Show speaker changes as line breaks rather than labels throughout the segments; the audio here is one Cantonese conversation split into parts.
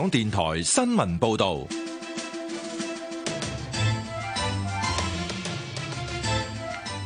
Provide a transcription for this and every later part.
港電台新聞報道，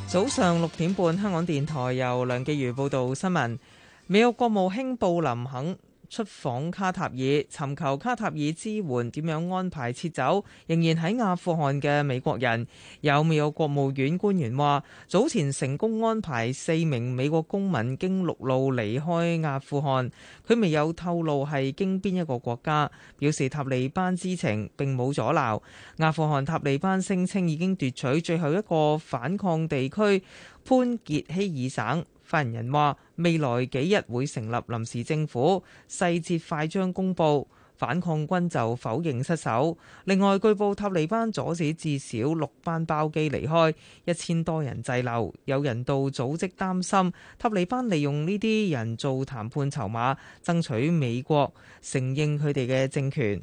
早上六點半，香港電台由梁繼如報道新聞。美國國務卿布林肯。出訪卡塔爾，尋求卡塔爾支援，點樣安排撤走仍然喺阿富汗嘅美國人。有未有國務院官員話早前成功安排四名美國公民經陸路離開阿富汗。佢未有透露係經邊一個國家，表示塔利班知情並冇阻撓。阿富汗塔利班聲稱已經奪取最後一個反抗地區潘傑希爾省。發言人話：未來幾日會成立臨時政府，細節快將公布。反抗軍就否認失守。另外，據報塔利班阻止至少六班包機離開，一千多人滯留。有人道組織擔心塔利班利用呢啲人做談判籌碼，爭取美國承認佢哋嘅政權。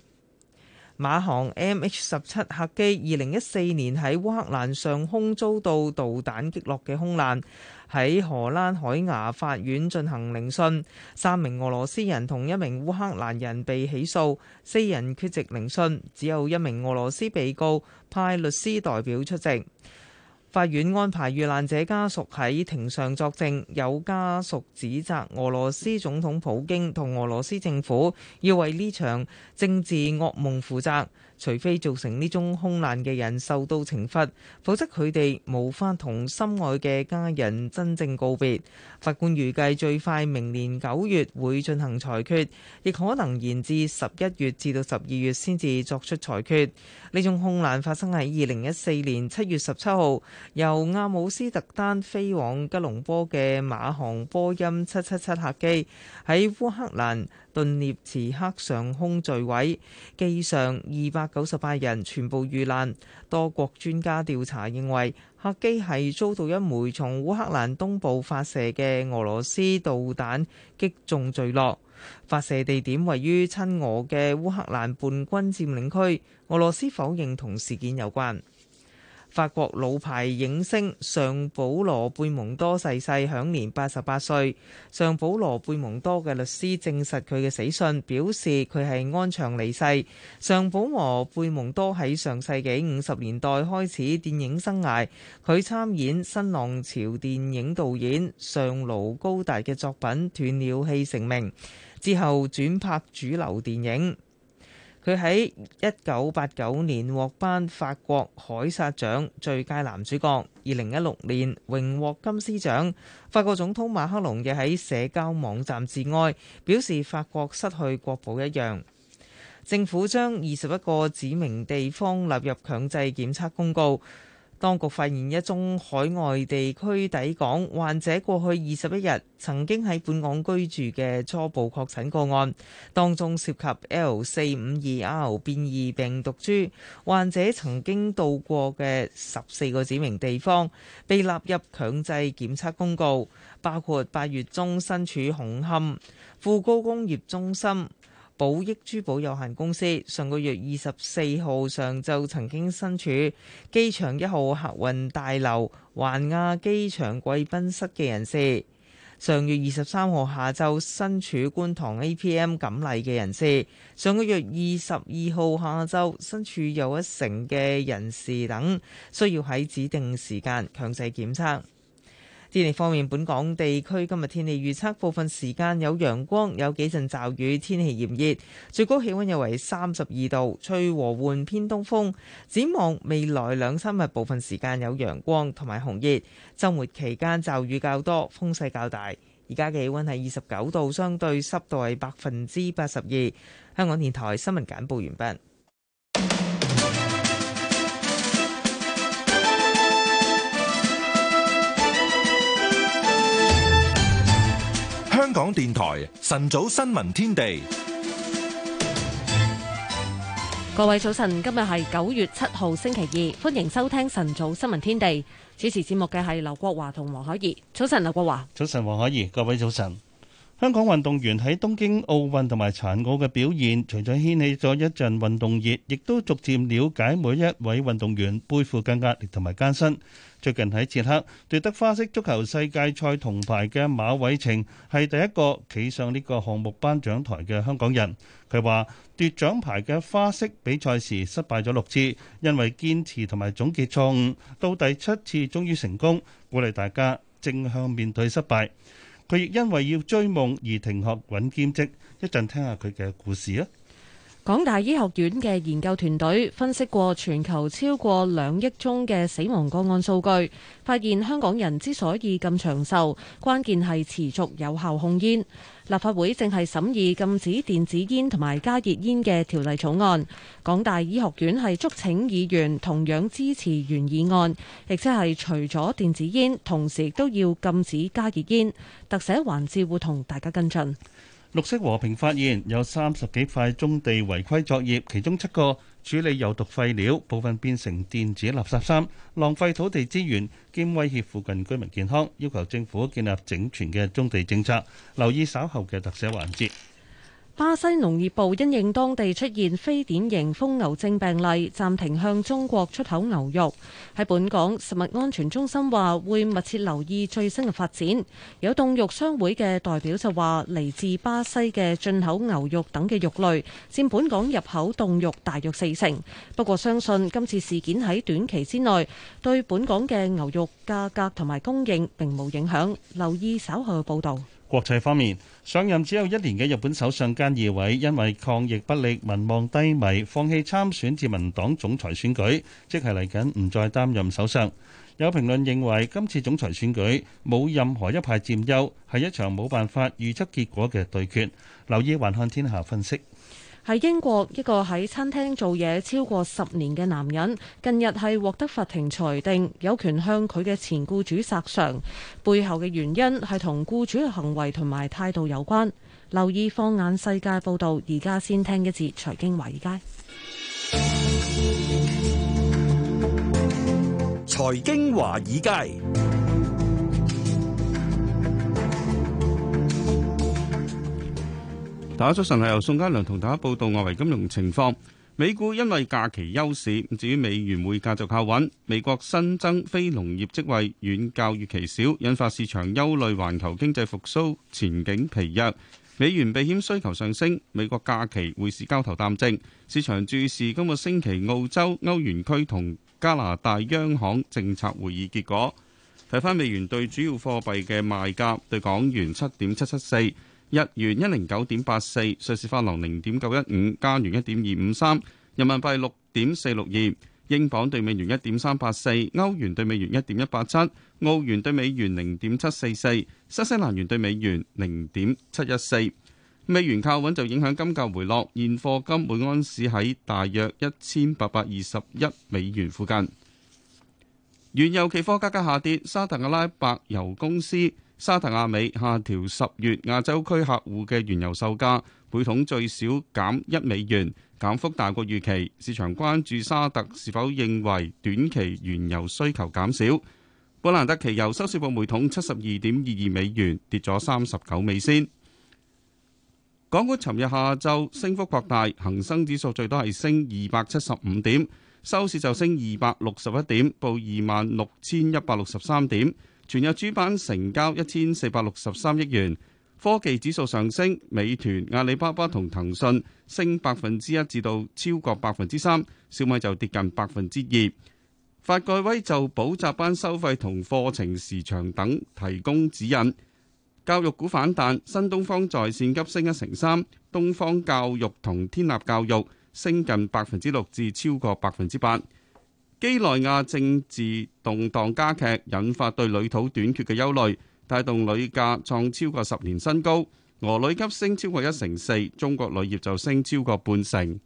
馬航 MH17 客機二零一四年喺烏克蘭上空遭到導彈擊落嘅空難。喺荷蘭海牙法院進行聆訊，三名俄羅斯人同一名烏克蘭人被起訴，四人缺席聆訊，只有一名俄羅斯被告派律師代表出席。法院安排遇難者家屬喺庭上作證，有家屬指責俄羅斯總統普京同俄羅斯政府要為呢場政治噩夢負責。除非造成呢宗空難嘅人受到懲罰，否則，佢哋無法同心愛嘅家人真正告別。法官預計最快明年九月會進行裁決，亦可能延至十一月至到十二月先至作出裁決。呢種空難發生喺二零一四年七月十七號，由阿姆斯特丹飛往吉隆坡嘅馬航波音七七七客機喺烏克蘭頓涅茨克上空墜毀，機上二百九十八人全部遇難。多國專家調查認為，客機係遭到一枚從烏克蘭東部發射嘅俄羅斯導彈擊中墜落。發射地點位於親俄嘅烏克蘭叛軍佔領區。俄羅斯否認同事件有關。法國老牌影星尚保羅貝蒙多逝世，享年八十八歲。尚保羅貝蒙多嘅律師證實佢嘅死訊，表示佢係安詳離世。尚保羅貝蒙多喺上世紀五十年代開始電影生涯，佢參演新浪潮電影導演尚盧高達嘅作品《斷了氣》成名，之後轉拍主流電影。佢喺一九八九年獲頒法國凱撒獎最佳男主角，二零一六年榮獲金獅獎。法國總統馬克龍亦喺社交網站致哀，表示法國失去國寶一樣。政府將二十一個指明地方納入強制檢測公告。當局發現一宗海外地區抵港患者過去二十一日曾經喺本港居住嘅初步確診個案，當中涉及 L 四五二 R 變異病毒株。患者曾經到過嘅十四個指明地方被納入強制檢測公告，包括八月中身處紅磡富高工業中心。寶益珠寶有限公司，上個月二十四號上晝曾經身處機場一號客運大樓環亞機場貴賓室嘅人士，上月二十三號下晝身處觀塘 APM 錦麗嘅人士，上個月二十二號下晝身處又一城嘅人士等，需要喺指定時間強制檢測。天氣方面，本港地區今日天氣預測，部分時間有陽光，有幾陣驟雨，天氣炎熱，最高氣溫約為三十二度，吹和緩偏東風。展望未來兩三日，部分時間有陽光同埋紅熱，週末期間驟雨較多，風勢較大。而家嘅氣溫係二十九度，相對濕度係百分之八十二。香港電台新聞簡報完畢。
香港電台晨早新聞天地，
各位早晨，今日係九月七號星期二，歡迎收聽晨早新聞天地。主持節目嘅係劉國華同黃可怡。早晨，劉國華。
早晨，黃可怡。各位早晨。香港運動員喺東京奧運同埋殘奧嘅表現，除咗掀起咗一陣運動熱，亦都逐漸了解每一位運動員背負嘅壓力同埋艱辛。最近喺捷克奪得花式足球世界賽銅牌嘅馬偉程，係第一個企上呢個項目頒獎台嘅香港人。佢話，奪獎牌嘅花式比賽時失敗咗六次，因為堅持同埋總結錯誤，到第七次終於成功，鼓勵大家正向面對失敗。佢亦因為要追夢而停學搵兼職，一陣聽下佢嘅故事啊！
港大醫學院嘅研究團隊分析過全球超過兩億宗嘅死亡個案數據，發現香港人之所以咁長壽，關鍵係持續有效控煙。立法會正係審議禁止電子煙同埋加熱煙嘅條例草案，港大醫學院係促請議員同樣支持原議案，亦即係除咗電子煙，同時都要禁止加熱煙。特寫環節會同大家跟進。
綠色和平發現有三十幾塊棕地違規作業，其中七個處理有毒廢料，部分變成電子垃圾山，浪費土地資源兼威脅附近居民健康，要求政府建立整全嘅棕地政策。留意稍後嘅特寫環節。
巴西農業部因應當地出現非典型瘋牛症病例，暫停向中國出口牛肉。喺本港，食物安全中心話會密切留意最新嘅發展。有凍肉商會嘅代表就話，嚟自巴西嘅進口牛肉等嘅肉類佔本港入口凍肉大約四成。不過相信今次事件喺短期之內對本港嘅牛肉價格同埋供應並冇影響。留意稍後報道。
國際方面，上任只有一年嘅日本首相菅義偉因為抗疫不力、民望低迷，放棄參選自民黨總裁選舉，即係嚟緊唔再擔任首相。有評論認為今次總裁選舉冇任何一派佔優，係一場冇辦法預測結果嘅對決。留意環看天下分析。
喺英國一個喺餐廳做嘢超過十年嘅男人，近日係獲得法庭裁定有權向佢嘅前僱主索償。背後嘅原因係同僱主嘅行為同埋態度有關。留意《放眼世界》報道，而家先聽一節財經華爾街。
財經華爾街。
打咗早晨，係由宋家良同大家報道外圍金融情況。美股因為假期休市，至於美元匯價就靠穩。美國新增非農業職位遠較預期少，引發市場憂慮，環球經濟復蘇前景疲弱，美元避險需求上升。美國假期會是交投淡靜，市場注視今個星期澳洲、歐元區同加拿大央行政策會議結果。睇翻，美元對主要貨幣嘅賣價，對港元七點七七四。日元一零九點八四，瑞士法郎零點九一五，加元一點二五三，人民幣六點四六二，英鎊對美元一點三八四，歐元對美元一點一八七，澳元對美元零點七四四，新西蘭元對美元零點七一四。美元靠穩就影響金價回落，現貨金每安士喺大約一千八百二十一美元附近。原油期貨價格下跌，沙特阿拉伯油公司。沙特阿美下調十月亞洲區客戶嘅原油售價，每桶最少減一美元，減幅大過預期。市場關注沙特是否認為短期原油需求減少。布蘭特期油收市報每桶七十二點二二美元，跌咗三十九美仙。港股尋日下晝升幅擴大，恒生指數最多係升二百七十五點，收市就升二百六十一點，報二萬六千一百六十三點。全日主板成交一千四百六十三億元，科技指數上升，美團、阿里巴巴同騰訊升百分之一至到超過百分之三，小米就跌近百分之二。發改委就補習班收費同課程時長等提供指引，教育股反彈，新東方在線急升一成三，東方教育同天立教育升近百分之六至超過百分之八。幾內亞政治動盪加劇，引發對鋁土短缺嘅憂慮，帶動鋁價創超過十年新高。俄鋁急升超過一成四，中國鋁業就升超過半成。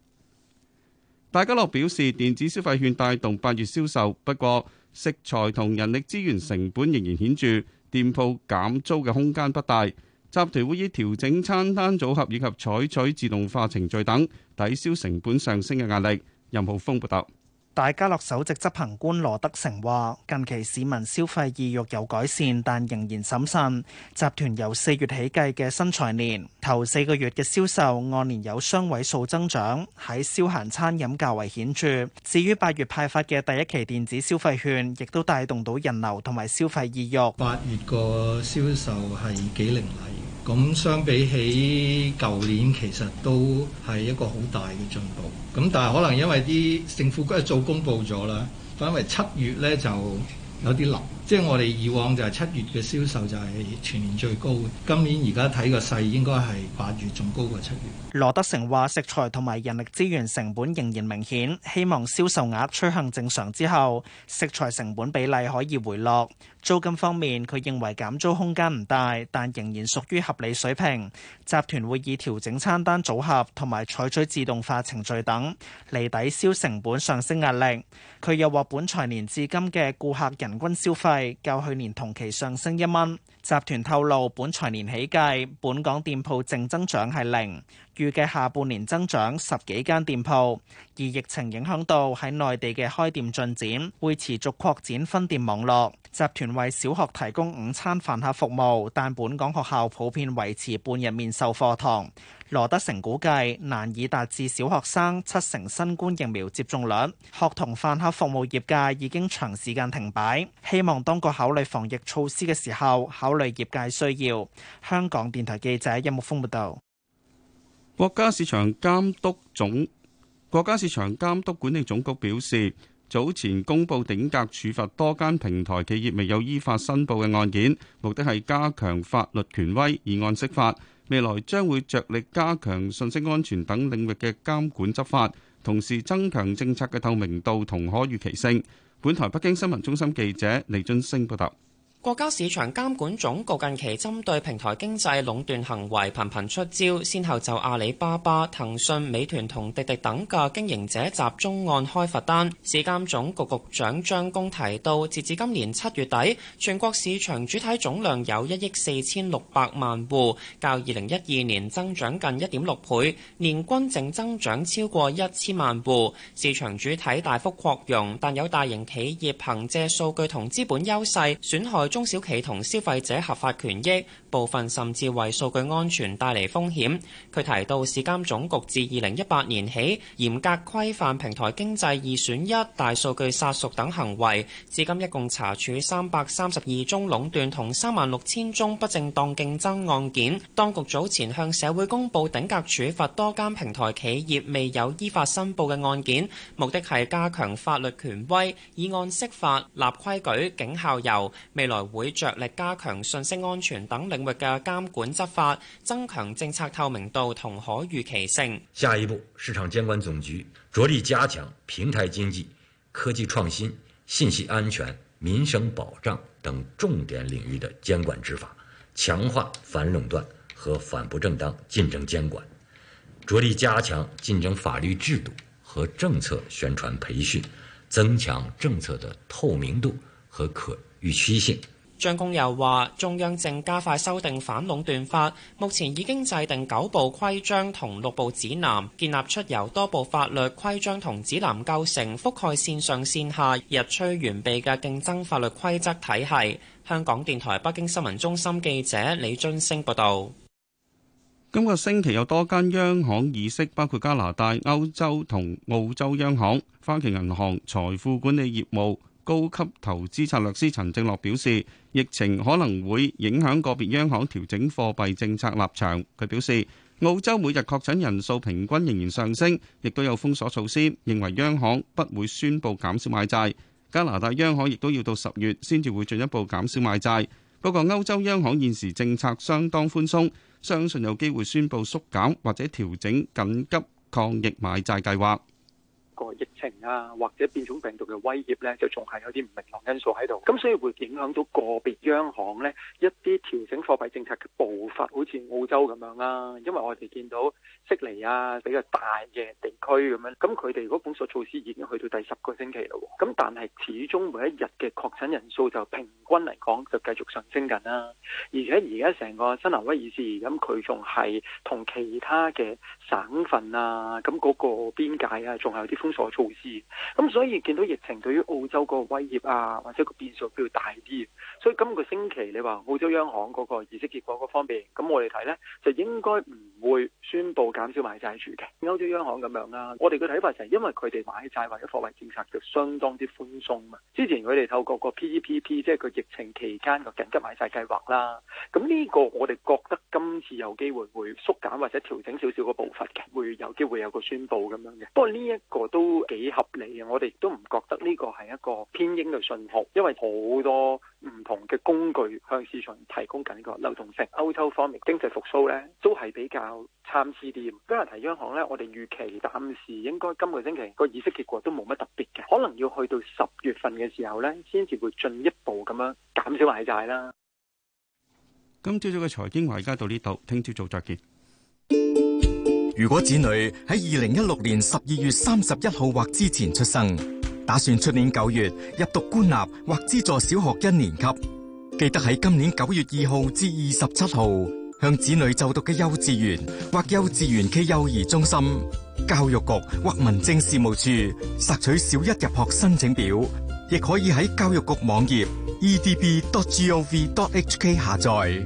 大家樂表示，電子消費券帶動八月銷售，不過食材同人力資源成本仍然顯著，店鋪減租嘅空間不大。集團會以調整餐單組合以及採取自動化程序等，抵消成本上升嘅壓力。任浩峰報道。
大家樂首席執行官羅德成話，近期市民消費意欲有改善，但仍然審慎。集團由四月起計嘅新財年頭四個月嘅銷售按年有雙位數增長，喺消閒餐飲較為顯著。至於八月派發嘅第一期電子消費券，亦都帶動到人流同埋
消費意欲。八月個銷售係幾凌厲。咁相比起舊年，其實都係一個好大嘅進步。咁但係可能因為啲
政府一早公布咗啦，因為七月呢就有啲臨。即係我哋以往就係七月嘅銷售就係全年最高嘅。今年而家睇個勢應該係八月仲高過七月。
羅德成話食材同埋人力資源成本仍然明顯，希望銷售額趨向正常之後食材成本比例可以回落。租金方面，佢認為減租空間唔大，但仍然屬於合理水平。集團會以調整餐單組合同埋採取自動化程序等嚟，抵消成本上升壓力。佢又話：本財年至今嘅顧客人均消費。較去年同期上升一蚊。集團透露，本財年起計，本港店鋪淨增長係零，預計下半年增長十幾間店鋪。而疫情影響到喺內地嘅開店進展，會持續擴展分店網絡。集團為小學提供午餐飯盒服務，但本港學校普遍維持半日面授課堂。羅德成估計難以達至小學生七成新冠疫苗接種率。學童飯盒服務業界已經長時間停擺，希望當局考慮防疫措施嘅時候，考慮業界需要。香港電台記者任木峰報
道。國家市場監督總國家市場監督管理總局表示，早前公布頂格處罰多間平台企業未有依法申報嘅案件，目的係加強法律權威，以案釋法。未來將會着力加強信息安全等領域嘅監管執法，同時增強政策嘅透明度同可預期性。本台北京新聞中心記者李津升報道。
國家市場監管總局近期針對平台經濟壟斷行為頻頻出招，先後就阿里巴巴、騰訊、美團同滴滴等嘅經營者集中案開罰單。市監總局局長張工提到，截至今年七月底，全國市場主體總量有一億四千六百萬戶，較二零一二年增長近一點六倍，年均淨增長超過一千萬戶，市場主體大幅擴容，但有大型企業憑藉數據同資本優勢損害中小企同消費者合法權益，部分甚至為數據安全帶嚟風險。佢提到市監總局自二零一八年起，嚴格規範平台經濟二選一、大數據殺熟等行為，至今一共查處三百三十二宗壟斷同三萬六千宗不正當競爭案件。當局早前向社會公佈頂格處罰多間平台企業未有依法申報嘅案件，目的係加強法律權威，以案釋法，立規矩、警效尤。未來會着力加強信息安全等領域嘅監管執法，增強政策透明度同可預期性。
下一步，市場監管總局着力加強平台經濟、科技創新、信息安全、民生保障等重點領域的監管執法，強化反壟斷和反不正當競爭監管，着力加強競爭法律制度和政策宣傳培訓，增強政策的透明度和可預期性。
張工又話，中央正加快修訂反壟斷法，目前已經制定九部規章同六部指南，建立出由多部法律規章同指南構成、覆蓋線上線下、日趨完備嘅競爭法律規則體系。香港電台北京新聞中心記者李津星報道。
今個星期有多間央行議息，包括加拿大、歐洲同澳洲央行，花旗銀行財富管理業務高級投資策略師陳正樂表示，疫情可能會影響個別央行調整貨幣政策立場。佢表示，澳洲每日確診人數平均仍然上升，亦都有封鎖措施，認為央行不會宣布減少買債。加拿大央行亦都要到十月先至會進一步減少買債。不過歐洲央行現時政策相當寬鬆，相信有機會宣布縮減或者調整緊急抗疫買債計劃。
啊，或者變種病毒嘅威脅咧，就仲係有啲唔明朗因素喺度，咁所以會影響到個別央行咧一啲調整貨幣政策嘅步伐，好似澳洲咁樣啦、啊。因為我哋見到悉尼啊比較大嘅地區咁樣，咁佢哋嗰封鎖措施已經去到第十個星期啦、啊。咁但係始終每一日嘅確診人數就平均嚟講就繼續上升緊、啊、啦。而且而家成個新南威爾士咁，佢仲係同其他嘅省份啊，咁嗰個邊界啊，仲係有啲封鎖措施。咁、嗯、所以見到疫情對於澳洲個威脅啊，或者個變數比較大啲，所以今個星期你話澳洲央行嗰個議息結果嗰方面，咁我哋睇咧就應該唔會宣布減少買債住嘅，歐洲央行咁樣啦、啊。我哋嘅睇法就係因為佢哋買債或者貨幣政策就相當之寬鬆啊。之前佢哋透過個、PP、P P P 即係個疫情期間個緊急買債計劃啦。咁呢個我哋覺得今次有機會會縮減或者調整少少個步伐嘅，會有機會有個宣布咁樣嘅。不過呢一個都幾。幾合理嘅，我哋都唔覺得呢個係一個偏鷹嘅信號，因為好多唔同嘅工具向市場提供緊個流動性。歐洲方面經濟復甦咧，都係比較參差啲嘅。加拿大央行咧，我哋預期暫時應該今個星期個議息結果都冇乜特別嘅，可能要去到十月份嘅時候咧，先至會進一步咁樣減少買債啦。
今朝早嘅財經華爾街到呢度，聽朝早再見。如果子女喺二零一六年十二月三十一號或之
前出生，打算出年九月入讀官立或資助小學一年級，記得喺今年九月二號至二十七號，向子女就讀嘅幼稚園或幼稚園暨幼兒中心、教育局或民政事務處索取小一入學申請表，亦可以喺教育局網頁 edb.gov.hk 下載。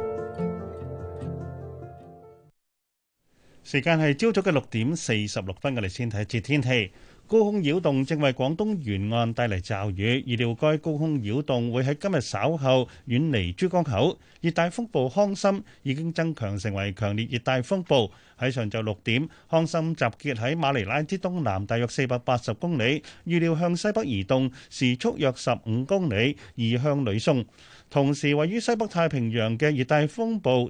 時間係朝早嘅六點四十六分，我哋先睇一節天氣。高空擾動正為廣東沿岸帶嚟驟雨，預料該高空擾動會喺今日稍後遠離珠江口。熱帶風暴康森已經增強成為強烈熱帶風暴，喺上晝六點，康森集結喺馬尼拉之東南，大約四百八十公里，預料向西北移動，時速約十五公里，移向呂宋。同時，位於西北太平洋嘅熱帶風暴。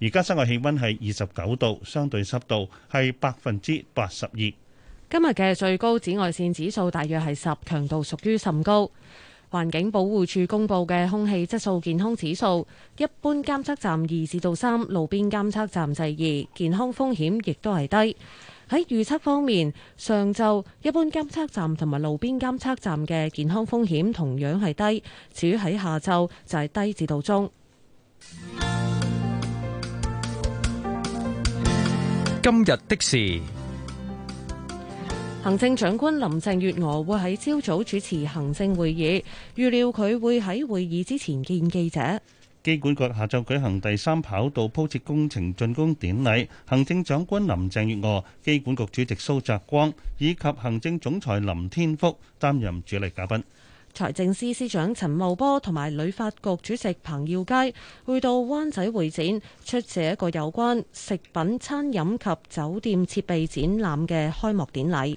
而家室外氣温係二十九度，相對濕度係百分之八十二。
今日嘅最高紫外線指數大約係十，強度屬於甚高。環境保護署公布嘅空氣質素健康指數，一般監測站二至到三，3，路邊監測站就係二，健康風險亦都係低。喺預測方面，上晝一般監測站同埋路邊監測站嘅健康風險同樣係低，至於喺下晝就係、是、低至到中。
今日的事，
行政長官林鄭月娥會喺朝早主持行政會議，預料佢會喺會議之前見記者。
機管局下晝舉行第三跑道鋪設工程竣工典禮，行政長官林鄭月娥、機管局主席蘇澤光以及行政總裁林天福擔任主禮嘉賓。
財政司司長陳茂波同埋旅發局主席彭耀佳去到灣仔會展，出席一個有關食品、餐飲及酒店設備展覽嘅開幕典禮。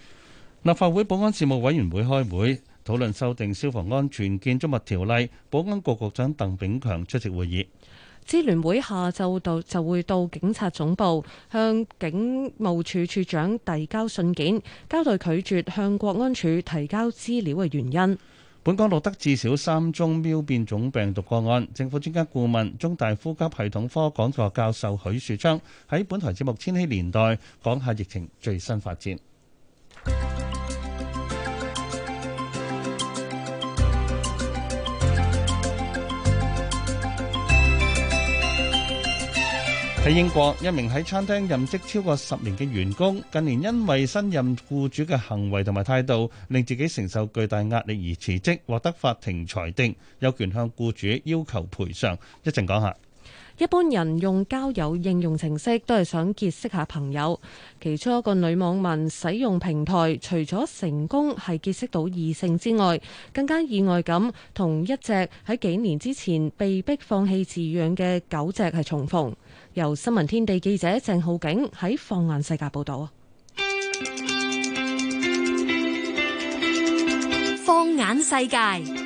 立法會保安事務委員會開會討論修訂《消防安全建築物條例》，保安局局長鄧炳強出席會議。
支聯會下晝到就會到警察總部向警務處處長遞交信件，交代拒絕向國安處提交資料嘅原因。
本港錄得至少三宗喵變種病毒個案，政府專家顧問、中大呼吸系統科講座教授許樹昌喺本台節目《千禧年代》講下疫情最新發展。喺英國，一名喺餐廳任職超過十年嘅員工，近年因為新任僱主嘅行為同埋態度，令自己承受巨大壓力而辭職，獲得法庭裁定，有權向僱主要求賠償。講一陣講下。
一般人用交友應用程式都係想結識下朋友。其中一個女網民使用平台，除咗成功係結識到異性之外，更加意外咁，同一隻喺幾年之前被逼放棄飼養嘅狗隻係重逢。由新聞天地記者鄭浩景喺放眼世界報道。放眼世界。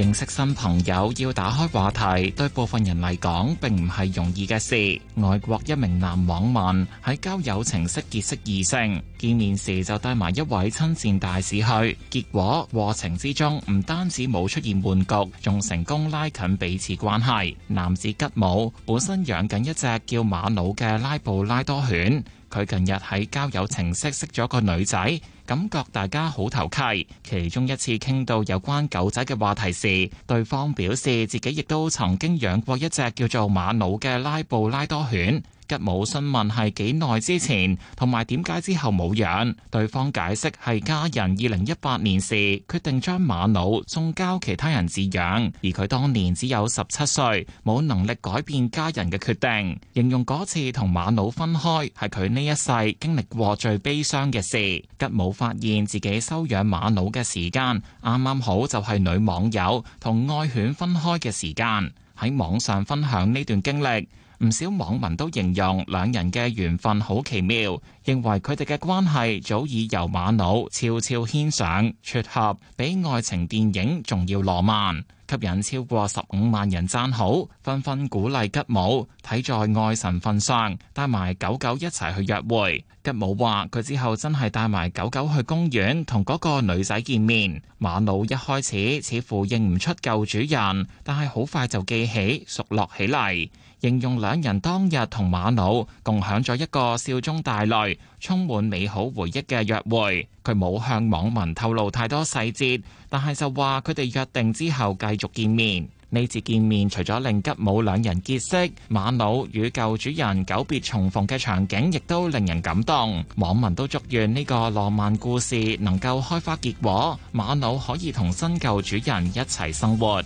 認識新朋友要打開話題，對部分人嚟講，並唔係容易嘅事。外國一名男網民喺交友程式結識異性，見面時就帶埋一位親善大使去，結果過程之中唔單止冇出現悶局，仲成功拉近彼此關係。男子吉姆本身養緊一隻叫馬魯嘅拉布拉多犬，佢近日喺交友程式識咗個女仔。感覺大家好投契，其中一次傾到有關狗仔嘅話題時，對方表示自己亦都曾經養過一隻叫做馬瑙嘅拉布拉多犬。吉姆詢問係幾耐之前，同埋點解之後冇養？對方解釋係家人二零一八年時決定將馬瑙送交其他人飼養，而佢當年只有十七歲，冇能力改變家人嘅決定。形容嗰次同馬瑙分開係佢呢一世經歷過最悲傷嘅事。吉姆發現自己收養馬腦嘅時間，啱啱好就係女網友同愛犬分開嘅時間，喺網上分享呢段經歷，唔少網民都形容兩人嘅緣分好奇妙，認為佢哋嘅關係早已由馬腦悄悄牽上撮合，比愛情電影仲要浪漫。吸引超過十五萬人讚好，紛紛鼓勵吉姆睇在愛神份上，帶埋狗狗一齊去約會。吉姆話：佢之後真係帶埋狗狗去公園，同嗰個女仔見面。馬老一開始似乎認唔出舊主人，但係好快就記起熟絡起嚟。形容兩人當日同馬腦共享咗一個笑中帶淚、充滿美好回憶嘅約會。佢冇向網民透露太多細節，但係就話佢哋約定之後繼續見面。呢次見面除咗令吉母兩人結識，馬腦與舊主人久別重逢嘅場景，亦都令人感動。網民都祝願呢個浪漫故事能夠開花結果，馬腦可以同新舊主人一齊生活。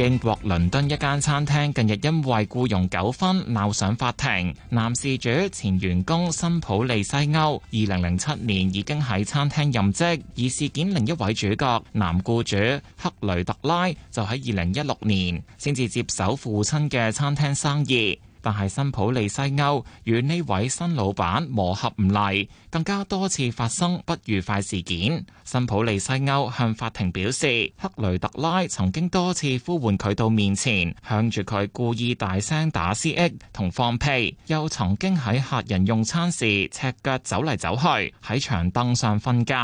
英國倫敦一間餐廳近日因為僱傭糾紛鬧上法庭。男事主前員工新普利西歐，二零零七年已經喺餐廳任職。而事件另一位主角男僱主克雷特拉，就喺二零一六年先至接手父親嘅餐廳生意。但係新普利西歐與呢位新老闆磨合唔嚟，更加多次發生不愉快事件。新普利西歐向法庭表示，克雷特拉曾經多次呼喚佢到面前，向住佢故意大聲打 C.E. 同放屁，又曾經喺客人用餐時赤腳走嚟走去，喺長凳上瞓覺，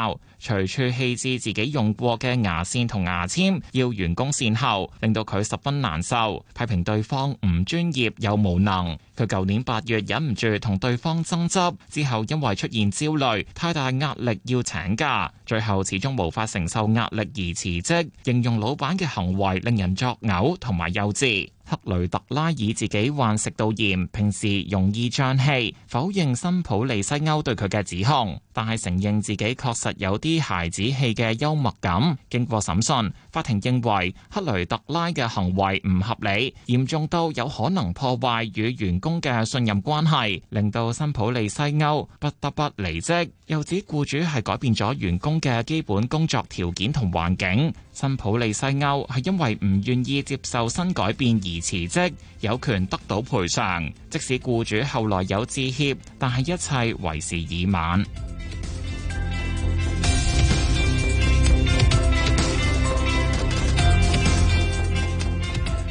隨處棄置自己用過嘅牙線同牙籤，要員工善後，令到佢十分難受，批評對方唔專業又無能，佢舊年八月忍唔住同對方爭執，之後因為出現焦慮、太大壓力要請假，最後始終無法承受壓力而辭職，形容老闆嘅行為令人作嘔同埋幼稚。克雷特拉以自己患食道炎，平時容易脹氣，否認新普利西歐對佢嘅指控，但係承認自己確實有啲孩子氣嘅幽默感。經過審訊，法庭認為克雷特拉嘅行為唔合理，嚴重到有可能破壞與員工嘅信任關係，令到新普利西歐不得不離職。又指僱主係改變咗員工嘅基本工作條件同環境。新普利西歐係因為唔願意接受新改變而辭職，有權得到賠償。即使僱主後來有致歉，但係一切為時已晚。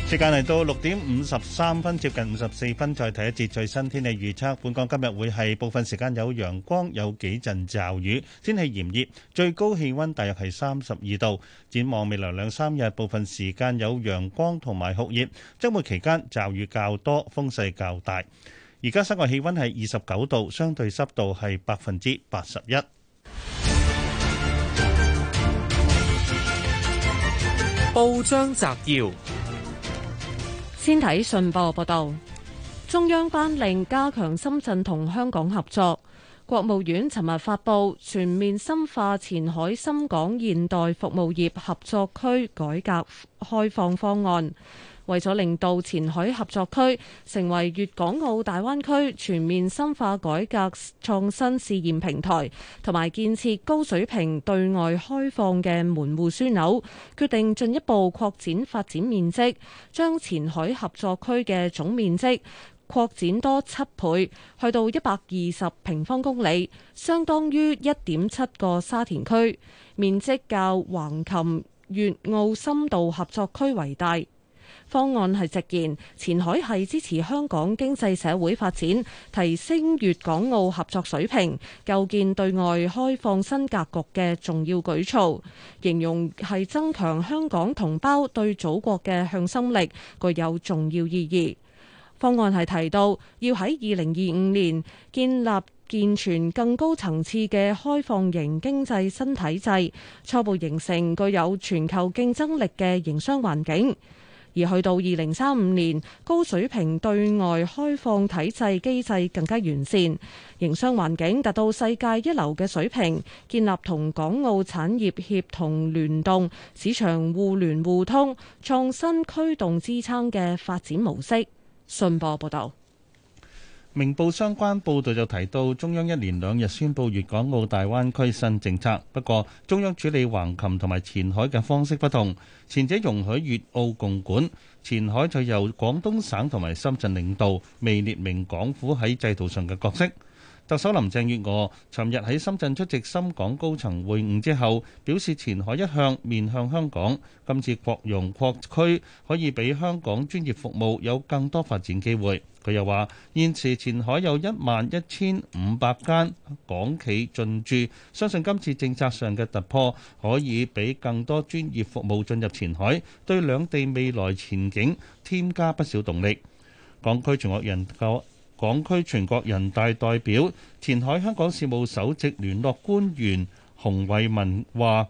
時間嚟到六點五十三分，接近五十四分，再睇一節最新天氣預測。本港今日會係部分時間有陽光，有幾陣驟雨，天氣炎熱，最高氣溫大約係三十二度。展望未來兩三日，部分時間有陽光同埋酷熱。周末期間驟雨較多，風勢較大。而家室外氣溫係二十九度，相對濕度係百分之八十一。報章摘要。
先睇信報報道，中央頒令加強深圳同香港合作。國務院尋日發布全面深化前海深港現代服務業合作區改革開放方案。為咗令到前海合作區成為粵港澳大灣區全面深化改革創新試驗平台，同埋建設高水平對外開放嘅門戶樞紐，決定進一步擴展發展面積，將前海合作區嘅總面積擴展多七倍，去到一百二十平方公里，相當於一點七個沙田區，面積較橫琴、粵澳深度合作區為大。方案係直言，前海係支持香港經濟社會發展、提升粵港澳合作水平、構建對外開放新格局嘅重要舉措，形容係增強香港同胞對祖國嘅向心力，具有重要意義。方案係提到，要喺二零二五年建立健全更高層次嘅開放型經濟新體制，初步形成具有全球競爭力嘅營商環境。而去到二零三五年，高水平對外開放體制機制更加完善，營商環境達到世界一流嘅水平，建立同港澳產業，業協同聯動、市場互聯互通、創新驅動支撐嘅發展模式。信報報道。
明報相關報導就提到，中央一連兩日宣布粵港澳大灣區新政策，不過中央處理橫琴同埋前海嘅方式不同，前者容許粵澳共管，前海就由廣東省同埋深圳領導，未列明港府喺制度上嘅角色。特首林鄭月娥尋日喺深圳出席深港高層會晤之後，表示前海一向面向香港，今次擴容擴區可以俾香港專業服務有更多發展機會。佢又話，現時前海有一萬一千五百間港企進駐，相信今次政策上嘅突破可以俾更多專業服務進入前海，對兩地未來前景添加不少動力。港區全國人口港區全國人大代表、前海香港事務首席聯絡官員洪為民話：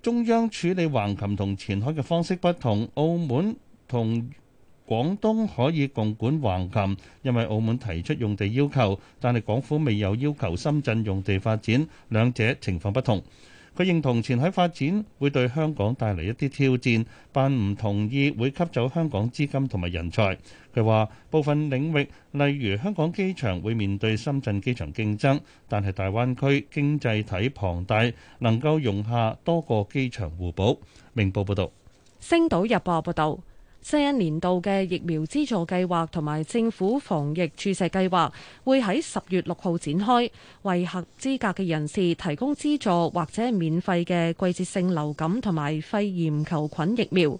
中央處理橫琴同前海嘅方式不同，澳門同廣東可以共管橫琴，因為澳門提出用地要求，但係港府未有要求深圳用地發展，兩者情況不同。佢認同前海發展會對香港帶嚟一啲挑戰，但唔同意會吸走香港資金同埋人才。就話部分領域，例如香港機場會面對深圳機場競爭，但係大灣區經濟體龐大，能夠容下多個機場互補。明報報道。
星島日報報道，新一年度嘅疫苗資助計劃同埋政府防疫注射計劃會喺十月六號展開，為合資格嘅人士提供資助或者免費嘅季節性流感同埋肺炎球菌疫苗。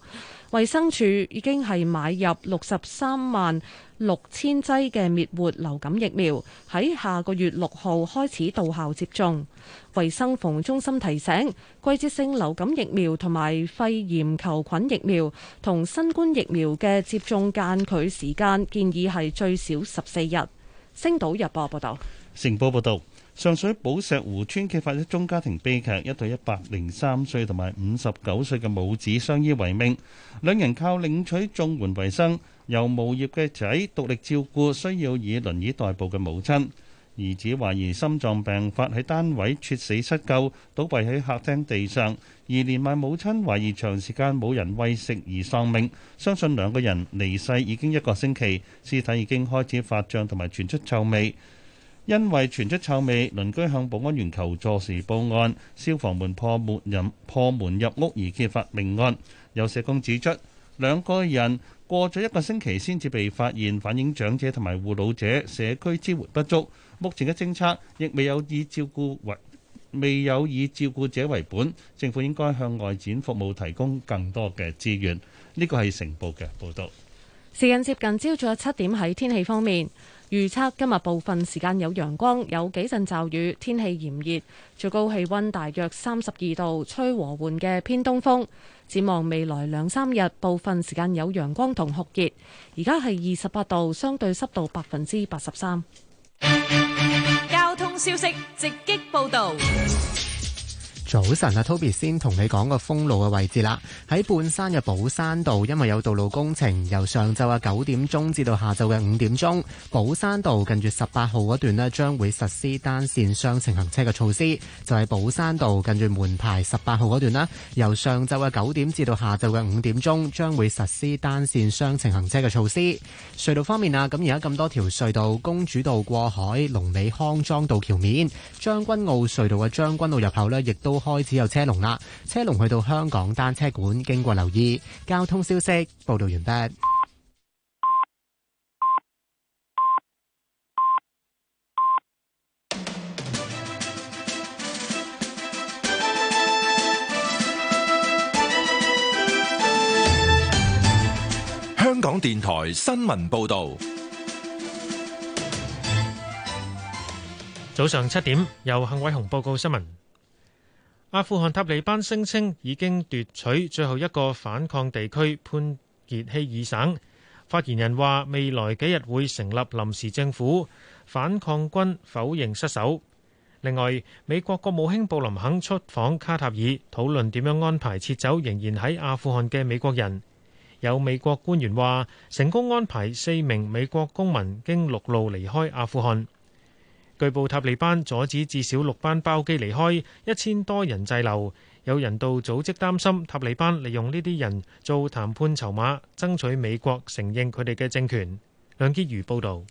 衛生署已經係買入六十三萬六千劑嘅滅活流感疫苗，喺下個月六號開始到校接種。衛生防護中心提醒，季節性流感疫苗同埋肺炎球菌疫苗同新冠疫苗嘅接種間距時間建議係最少十四日。星島日報報道，
成報報道。上水寶石湖村揭發一宗家庭悲劇，一對一百零三歲同埋五十九歲嘅母子相依為命，兩人靠領取綜援為生，由無業嘅仔獨力照顧需要以輪椅代步嘅母親。兒子懷疑心臟病發喺單位猝死失救，倒斃喺客廳地上，而年邁母親懷疑長時間冇人餵食而喪命。相信兩個人離世已經一個星期，屍體已經開始發脹同埋傳出臭味。因為傳出臭味，鄰居向保安員求助時報案，消防員破門入破門入屋而揭發命案。有社工指出，兩個人過咗一個星期先至被發現，反映長者同埋護老者社區支援不足。目前嘅政策亦未有以照顧為未有以照顧者為本，政府應該向外展服務提供更多嘅資源。呢個係成報嘅報導。
時針接近朝早七點，喺天氣方面。預測今日部分時間有陽光，有幾陣驟雨，天氣炎熱，最高氣温大約三十二度，吹和緩嘅偏東風。展望未來兩三日，部分時間有陽光同酷熱。而家係二十八度，相對濕度百分之八十三。交
通消息直擊報道。
早晨啊，Toby 先同你講個封路嘅位置啦。喺半山嘅寶山道，因為有道路工程，由上晝嘅九點鐘至到下晝嘅五點鐘，寶山道近住十八號嗰段咧，將會實施單線雙程行車嘅措施。就係、是、寶山道近住門牌十八號嗰段啦，由上晝嘅九點至到下晝嘅五點鐘，將會實施單線雙程行車嘅措施。隧道方面啊，咁而家咁多條隧道，公主道過海、龍尾康莊道、道橋面、將軍澳隧道嘅將軍澳入口咧，亦都。開始有車龍啦，車龍去到香港單車館，經過留意交通消息報道完畢。
香港電台新聞報道，
早上七點由幸偉雄報告新聞。阿富汗塔利班聲稱已經奪取最後一個反抗地區潘傑希爾省。發言人話未來幾日會成立臨時政府。反抗軍否認失守。另外，美國國務卿布林肯出訪卡塔爾，討論點樣安排撤走仍然喺阿富汗嘅美國人。有美國官員話成功安排四名美國公民經陸路離開阿富汗。據報，塔利班阻止至少六班包機離開，一千多人滯留。有人道組織擔心塔利班利用呢啲人做談判籌碼，爭取美國承認佢哋嘅政權。梁潔如報導，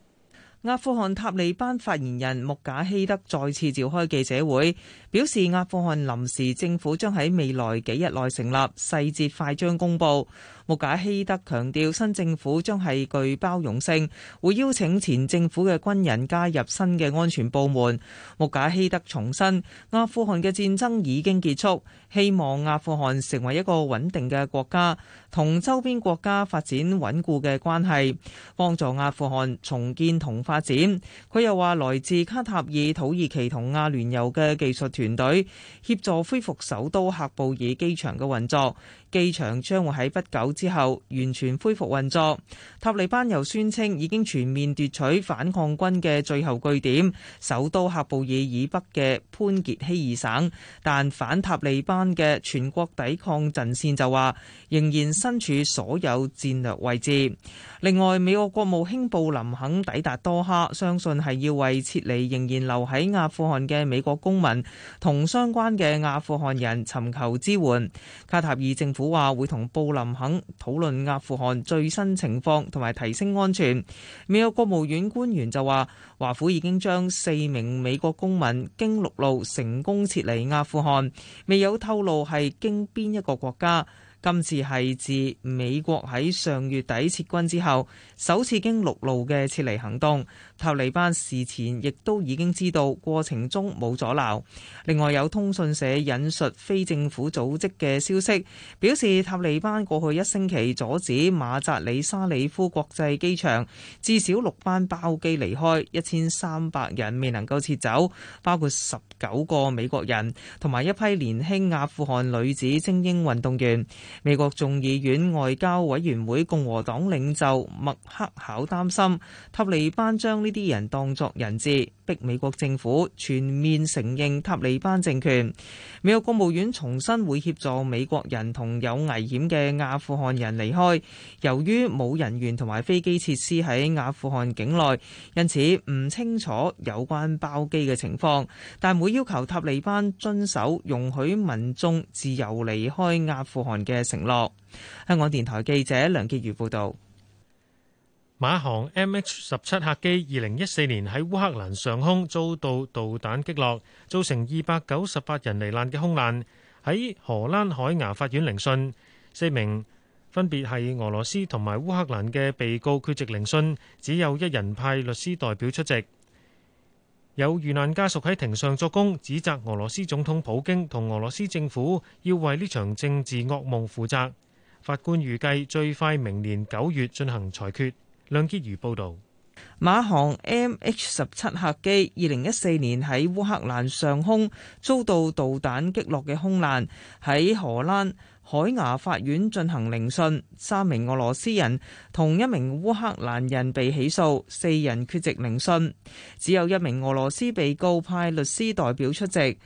阿富汗塔利班發言人穆賈希德再次召開記者會，表示阿富汗臨時政府將喺未來幾日內成立，細節快將公佈。穆賈希德強調，新政府將係具包容性，會邀請前政府嘅軍人加入新嘅安全部門。穆賈希德重申，阿富汗嘅戰爭已經結束，希望阿富汗成為一個穩定嘅國家，同周邊國家發展穩固嘅關係，幫助阿富汗重建同發展。佢又話，來自卡塔爾、土耳其同阿聯酋嘅技術團隊協助恢復首都喀布爾機場嘅運作。機場將會喺不久之後完全恢復運作。塔利班又宣稱已經全面奪取反抗軍嘅最後據點，首都喀布爾以北嘅潘傑希爾省。但反塔利班嘅全國抵抗陣線就話，仍然身處所有戰略位置。另外，美國國務卿布林肯抵達多哈，相信係要為撤離仍然留喺阿富汗嘅美國公民同相關嘅阿富汗人尋求支援。卡塔爾政府話會同布林肯討論阿富汗最新情況同埋提升安全。美國國務院官員就話，華府已經將四名美國公民經陸路成功撤離阿富汗，未有透露係經邊一個國家。今次係自美國喺上月底撤軍之後，首次經陸路嘅撤離行動。塔利班事前亦都已經知道，過程中冇阻撓。另外有通訊社引述非政府組織嘅消息，表示塔利班過去一星期阻止馬扎里沙里夫國際機場至少六班包機離開，一千三百人未能夠撤走，包括十九個美國人同埋一批年輕阿富汗女子精英運動員。美國眾議院外交委員會共和黨領袖麥克考擔心塔利班將呢啲人當作人質，逼美國政府全面承認塔利班政權。美國國務院重新會協助美國人同有危險嘅阿富汗人離開。由於冇人員同埋飛機設施喺阿富汗境內，因此唔清楚有關包機嘅情況，但會要求塔利班遵守容許民眾自由離開阿富汗嘅承諾。香港電台記者梁潔如報道。
馬航 MH 十七客機二零一四年喺烏克蘭上空遭到導彈擊落，造成二百九十八人罹難嘅空難。喺荷蘭海牙法院聆訊，四名分別係俄羅斯同埋烏克蘭嘅被告缺席聆訊，只有一人派律師代表出席。有遇難家屬喺庭上作供，指責俄羅斯總統普京同俄羅斯政府要為呢場政治噩夢負責。法官預計最快明年九月進行裁決。梁潔儀報道，
馬航 MH17 客機二零一四年喺烏克蘭上空遭到導彈擊落嘅空難，喺荷蘭海牙法院進行聆訊，三名俄羅斯人同一名烏克蘭人被起訴，四人缺席聆訊，只有一名俄羅斯被告派律師代表出席。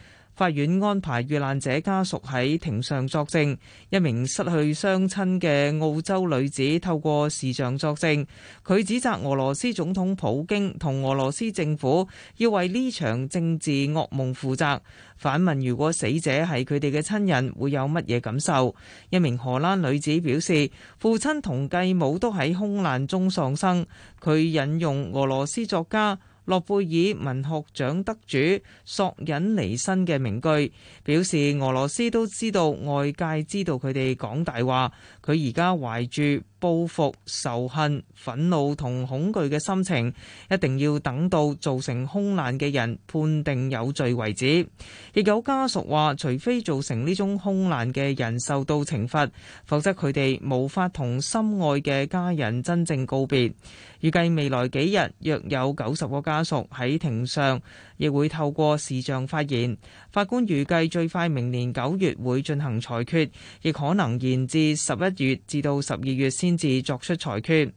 法院安排遇難者家屬喺庭上作證。一名失去雙親嘅澳洲女子透過視像作證，佢指責俄羅斯總統普京同俄羅斯政府要為呢場政治噩夢負責。反問如果死者係佢哋嘅親人，會有乜嘢感受？一名荷蘭女子表示，父親同繼母都喺空難中喪生。佢引用俄羅斯作家諾貝爾文學獎得主索忍尼辛嘅名句。表示俄羅斯都知道外界知道佢哋講大話，佢而家懷住報復、仇恨、憤怒同恐懼嘅心情，一定要等到造成空難嘅人判定有罪為止。亦有家屬話，除非造成呢種空難嘅人受到懲罰，否則佢哋無法同心愛嘅家人真正告別。預計未來幾日，約有九十個家屬喺庭上。亦會透過視像發言。法官預計最快明年九月會進行裁決，亦可能延至十一月至到十二月先至作出裁決。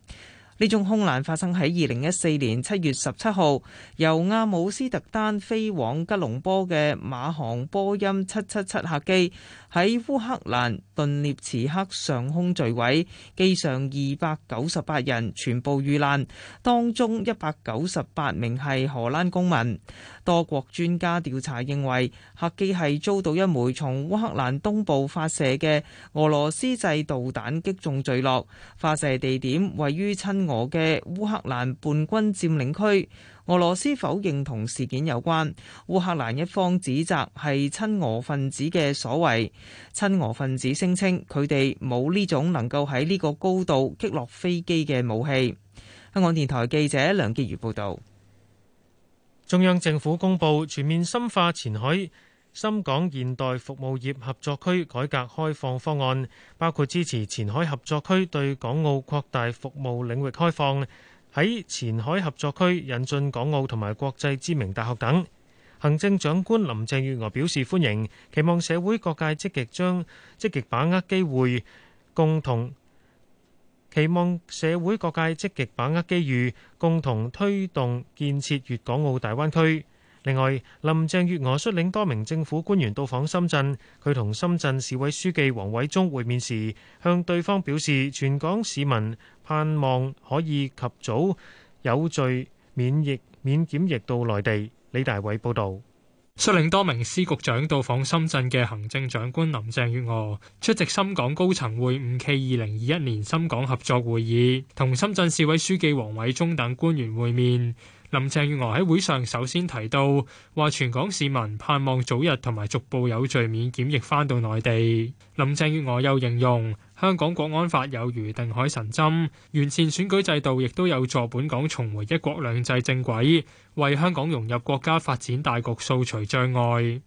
呢種空難發生喺二零一四年七月十七號，由阿姆斯特丹飛往吉隆坡嘅馬航波音七七七客機，喺烏克蘭頓涅茨克上空墜毀，機上二百九十八人全部遇難，當中一百九十八名係荷蘭公民。多國專家調查認為，客機係遭到一枚從烏克蘭東部發射嘅俄羅斯製導彈擊中墜落，發射地點位於親俄嘅烏克蘭叛軍佔領區。俄羅斯否認同事件有關，烏克蘭一方指責係親俄分子嘅所為。親俄分子聲稱佢哋冇呢種能夠喺呢個高度擊落飛機嘅武器。香港電台記者梁潔如報導。中央政府公布全面深化
前海深港現代服務業合作區改革開放方案，包括支持前海合作區對港澳擴大服務領域開放。喺前海合作區引進港澳同埋國際知名大學等，行政長官林鄭月娥表示歡迎，期望社會各界積極將積極把握機會，共同期望社會各界積極把握機遇，共同推動建設粵港澳大灣區。另外，林鄭月娥率領多名政府官員到訪深圳。佢同深圳市委書記王偉忠會面時，向對方表示，全港市民盼望可以及早有序免疫免檢疫到內地。李大偉報道。率
領多名司局長到訪深圳嘅行政長官林鄭月娥，出席深港高層會晤暨二零二一年深港合作會議，同深圳市委書記王偉忠等官員會面。林鄭月娥喺會上首先提到，話全港市民盼望早日同埋逐步有序免檢疫返到內地。林鄭月娥又形容香港國安法有如定海神針，完善選舉制度亦都有助本港重回一國兩制正軌，為香港融入國家發展大局掃除障礙。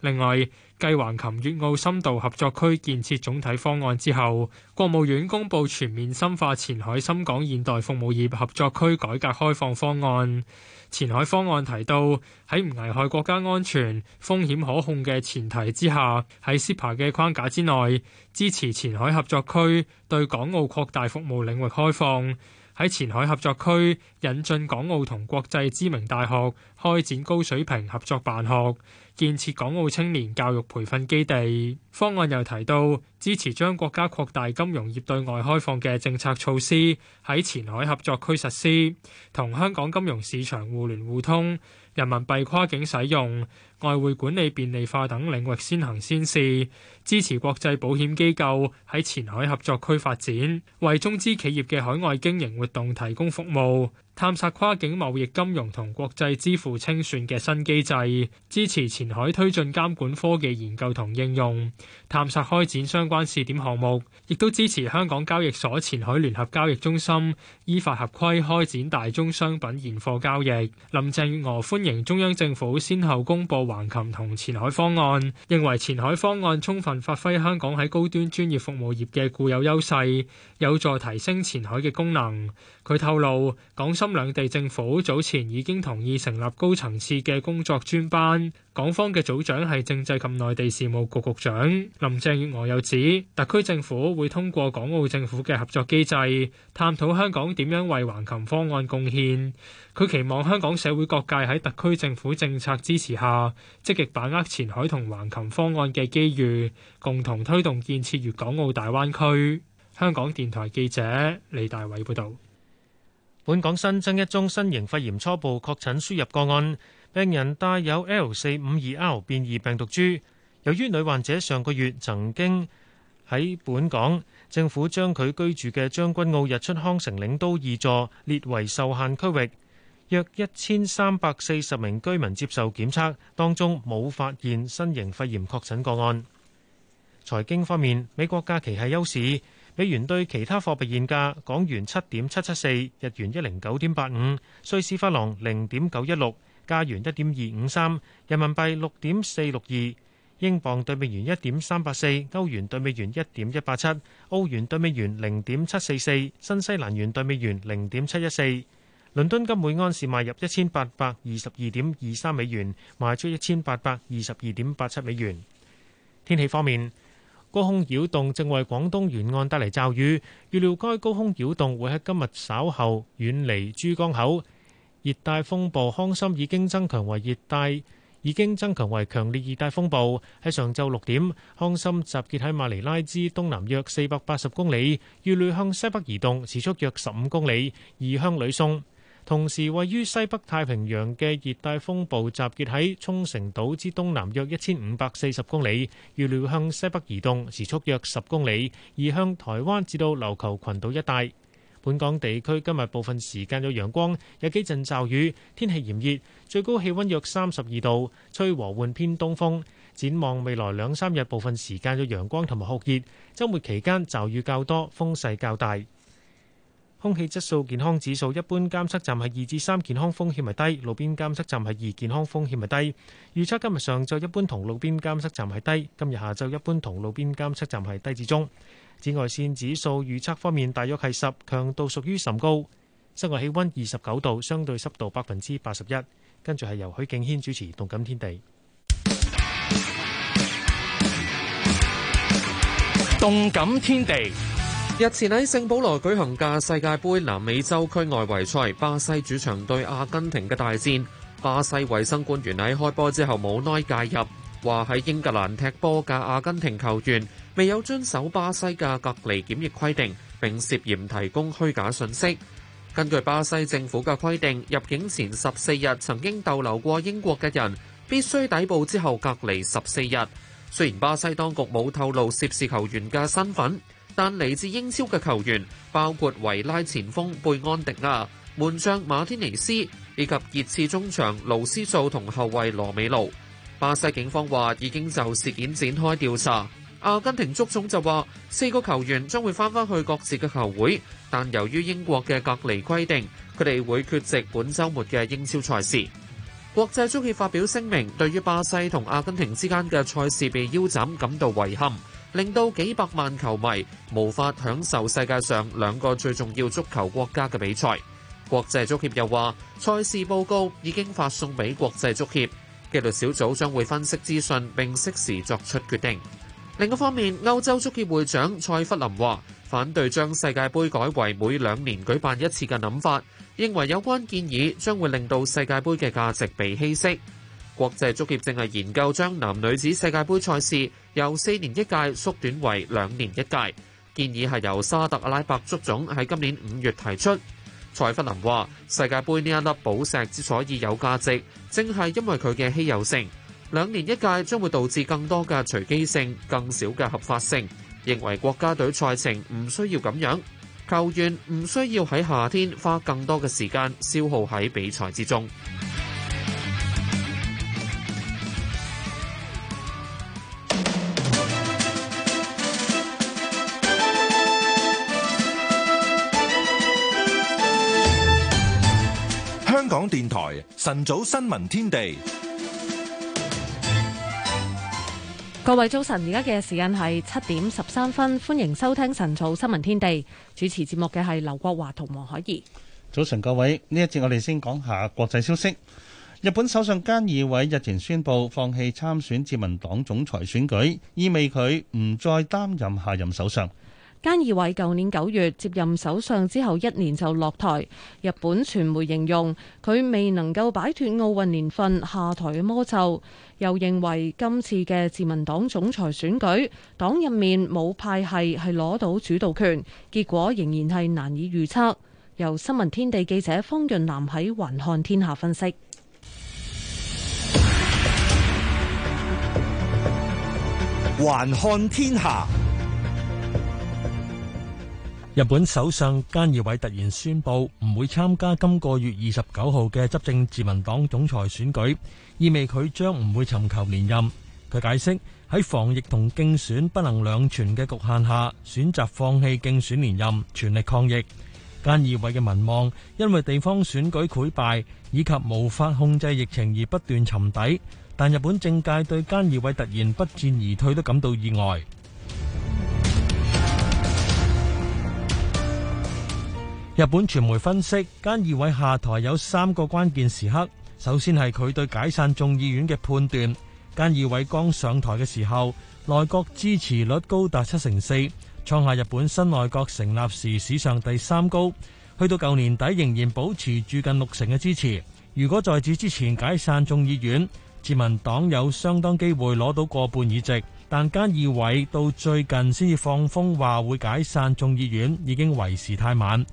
另外，繼橫琴粵澳深度合作區建設總體方案之後，國務院公布全面深化前海深港現代服務業合作區改革開放方案。前海方案提到，喺唔危害國家安全、風險可控嘅前提之下，喺 SIPA 嘅框架之內，支持前海合作區對港澳擴大服務領域開放。喺前海合作區引進港澳同國際知名大學，開展高水平合作辦學，建設港澳青年教育培訓基地。方案又提到，支持將國家擴大金融業對外開放嘅政策措施喺前海合作區實施，同香港金融市場互聯互通，人民幣跨境使用。外匯管理便利化等領域先行先試，支持國際保險機構喺前海合作區發展，為中資企業嘅海外經營活動提供服務，探索跨境貿易金融同國際支付清算嘅新機制，支持前海推進監管科技研究同應用，探索開展相關試點項目，亦都支持香港交易所前海聯合交易中心，依法合規開展大宗商品現貨交易。林鄭月娥歡迎中央政府先後公布。橫琴同前海方案，認為前海方案充分發揮香港喺高端專業服務業嘅固有優勢，有助提升前海嘅功能。佢透露，港深兩地政府早前已經同意成立高層次嘅工作專班，港方嘅組長係政制及內地事務局局長林鄭月娥，又指特區政府會通過港澳政府嘅合作機制，探討香港點樣為橫琴方案貢獻。佢期望香港社會各界喺特區政府政策支持下，積極把握前海同橫琴方案嘅機遇，共同推動建設粵港澳大灣
區。香港電台記者李大偉報導。本港新增一宗新型肺炎初步確診輸入個案，病人帶有 L 四五二 R 變異病毒株。由於女患者上個月曾經喺本港，政府將佢居住嘅將軍澳日出康城領都二座列為受限區域。1 約一千三百四十名居民接受檢測，當中冇發現新型肺炎確診個案。財經方面，美國假期係休市，美元對其他貨幣現價：港元七點七七四，日元一零九點八五，瑞士法郎零點九一六，加元一點二五三，人民幣六點四六二，英鎊兌美元一點三八四，歐元兌美元一點一八七，澳元兌美元零點七四四，新西蘭元兌美元零點七一四。倫敦金每安士賣入一千八百二十二點二三美元，賣出一千八百二十二點八七美元。天氣方面，高空擾動正為廣東沿岸帶嚟驟雨，預料該高空擾動會喺今日稍後遠離珠江口。熱帶風暴康森已經增強為熱帶已經增強為強烈熱帶風暴。喺上晝六點，康森集結喺馬尼拉之東南約四百八十公里，預料向西北移動，時速約十五公里，移向呂宋。同時，位於西北太平洋嘅熱帶風暴集結喺沖繩島之東南約一千五百四十公里，預料向西北移動，時速約十公里，移向台灣至到琉球群島一帶。本港地區今日部分時間有陽光，有幾陣驟雨，天氣炎熱，最高氣溫約三十二度，吹和緩偏東風。展望未來兩三日部分時間有陽光同埋酷熱，周末期間驟雨較多，風勢較大。空氣質素健康指數一般監測站係二至三，健康風險係低；路邊監測站係二，健康風險係低。預測今日上晝一般同路邊監測站係低，今日下晝一般同路邊監測站係低至中。紫外線指數預測方面，大約係十，強度屬於甚高。室外氣溫二十九度，相對濕度百分之八十一。跟住係由許敬軒主持《動感天地》。
《動感天地》日前喺聖保羅舉行嘅世界杯南美洲區外圍賽，巴西主場對阿根廷嘅大戰，巴西衛生官員喺開波之後冇耐介入，話喺英格蘭踢波嘅阿根廷球員未有遵守巴西嘅隔離檢疫規定，並涉嫌提供虛假信息。根據巴西政府嘅規定，入境前十四日曾經逗留過英國嘅人，必須抵埗之後隔離十四日。雖然巴西當局冇透露涉事球員嘅身份。但嚟自英超嘅球員包括，維拉前鋒貝安迪亞、門將馬天尼斯，以及熱刺中場盧斯素同後衛羅美路。巴西警方話已經就事件展開調查。阿根廷足總就話四個球員將會翻返去各自嘅球會，但由於英國嘅隔離規定，佢哋會缺席本周末嘅英超賽事。國際足協發表聲明，對於巴西同阿根廷之間嘅賽事被腰斬感到遺憾。令到幾百萬球迷無法享受世界上兩個最重要足球國家嘅比賽。國際足協又話，賽事報告已經發送俾國際足協紀律小組，將會分析資訊並適時作出決定。另一方面，歐洲足協會長蔡弗林話，反對將世界盃改為每兩年舉辦一次嘅諗法，認為有關建議將會令到世界盃嘅價值被稀釋。國際足協正係研究將男女子世界盃賽事由四年一屆縮短為兩年一屆，建議係由沙特阿拉伯足總喺今年五月提出。蔡弗林話：世界盃呢一粒寶石之所以有價值，正係因為佢嘅稀有性。兩年一屆將會導致更多嘅隨機性、更少嘅合法性。認為國家隊賽程唔需要咁樣，球員唔需要喺夏天花更多嘅時間消耗喺比賽之中。
電台晨早新聞天地，
各位早晨，而家嘅時間係七點十三分，歡迎收聽晨早新聞天地。主持節目嘅係劉國華同黃海怡。
早晨，各位，呢一節我哋先講下國際消息。日本首相菅義偉日前宣布放棄參選自民黨總裁選舉，意味佢唔再擔任下任首相。
堅以為舊年九月接任首相之後一年就落台，日本傳媒形容佢未能夠擺脫奧運年份下台嘅魔咒，又認為今次嘅自民黨總裁選舉，黨入面冇派系係攞到主導權，結果仍然係難以預測。由新聞天地記者方潤南喺《環看天下》分析，
《環漢天下》。日本首相菅義偉突然宣布唔會參加今個月二十九號嘅執政自民黨總裁選舉，意味佢將唔會尋求連任。佢解釋，喺防疫同競選不能兩全嘅局限下，選擇放棄競選連任，全力抗疫。菅義偉嘅民望因為地方選舉潰敗以及無法控制疫情而不斷沉底，但日本政界對菅義偉突然不戰而退都感到意外。日本傳媒分析，菅義偉下台有三個關鍵時刻。首先係佢對解散眾議院嘅判斷。菅義偉剛上台嘅時候，內閣支持率高達七成四，創下日本新內閣成立時史上第三高。去到舊年底，仍然保持住近六成嘅支持。如果在此之前解散眾議院，自民黨有相當機會攞到過半議席。但菅義偉到最近先至放風話會解散眾議院，已經為時太晚。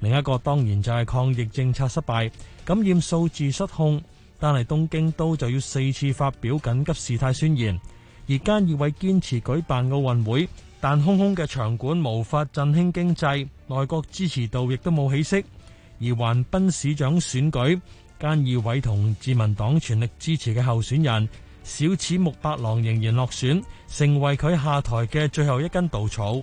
另一個當然就係抗疫政策失敗，感染數字失控，但係東京都就要四次發表緊急事態宣言。而菅義偉堅持舉辦奧運會，但空空嘅場館無法振興經濟，內閣支持度亦都冇起色。而橫濱市長選舉，菅義偉同自民黨全力支持嘅候選人小此木八郎仍然落選，成為佢下台嘅最後一根稻草。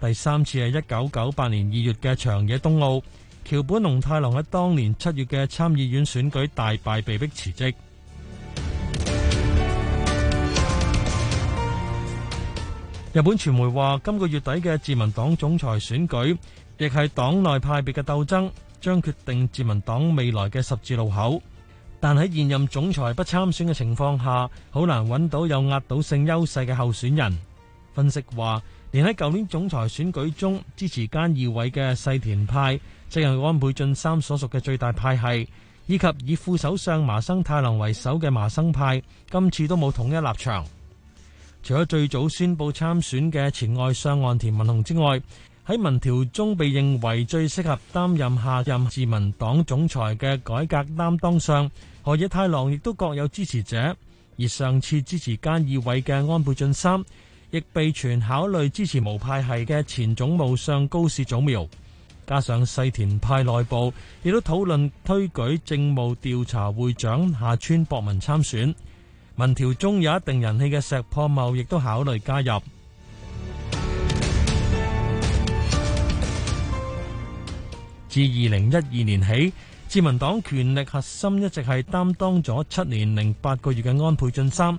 第三次係一九九八年二月嘅長野冬奧，橋本龍太郎喺當年七月嘅參議院選舉大敗，被迫辭職。日本傳媒話，今個月底嘅自民黨總裁選舉，亦係黨內派別嘅鬥爭，將決定自民黨未來嘅十字路口。但喺現任總裁不參選嘅情況下，好難揾到有壓倒性優勢嘅候選人。分析話，連喺舊年總裁選舉中支持菅義偉嘅細田派，即係安倍晉三所屬嘅最大派系，以及以副首相麻生太郎為首嘅麻生派，今次都冇統一立場。除咗最早宣佈參選嘅前外相岸田文雄之外，喺民調中被認為最適合擔任下任自民黨總裁嘅改革擔當相，河野太郎，亦都各有支持者。而上次支持菅義偉嘅安倍晉三。亦被傳考慮支持無派系嘅前總務相高市早苗，加上細田派內部亦都討論推舉政務調查會長下村博文參選，民調中有一定人氣嘅石破茂亦都考慮加入。自二零一二年起，自民黨權力核心一直係擔當咗七年零八個月嘅安倍晉三。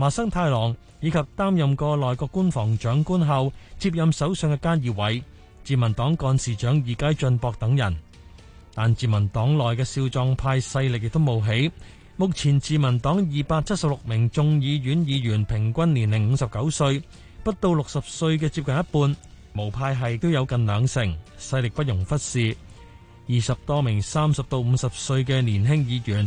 麻生太郎以及擔任過內閣官房長官後接任首相嘅菅義偉、自民黨幹事長二階俊博等人，但自民黨內嘅少壯派勢力亦都冒起。目前自民黨二百七十六名眾議院議員平均年齡五十九歲，不到六十歲嘅接近一半，無派系都有近兩成，勢力不容忽視。二十多名三十到五十歲嘅年輕議員。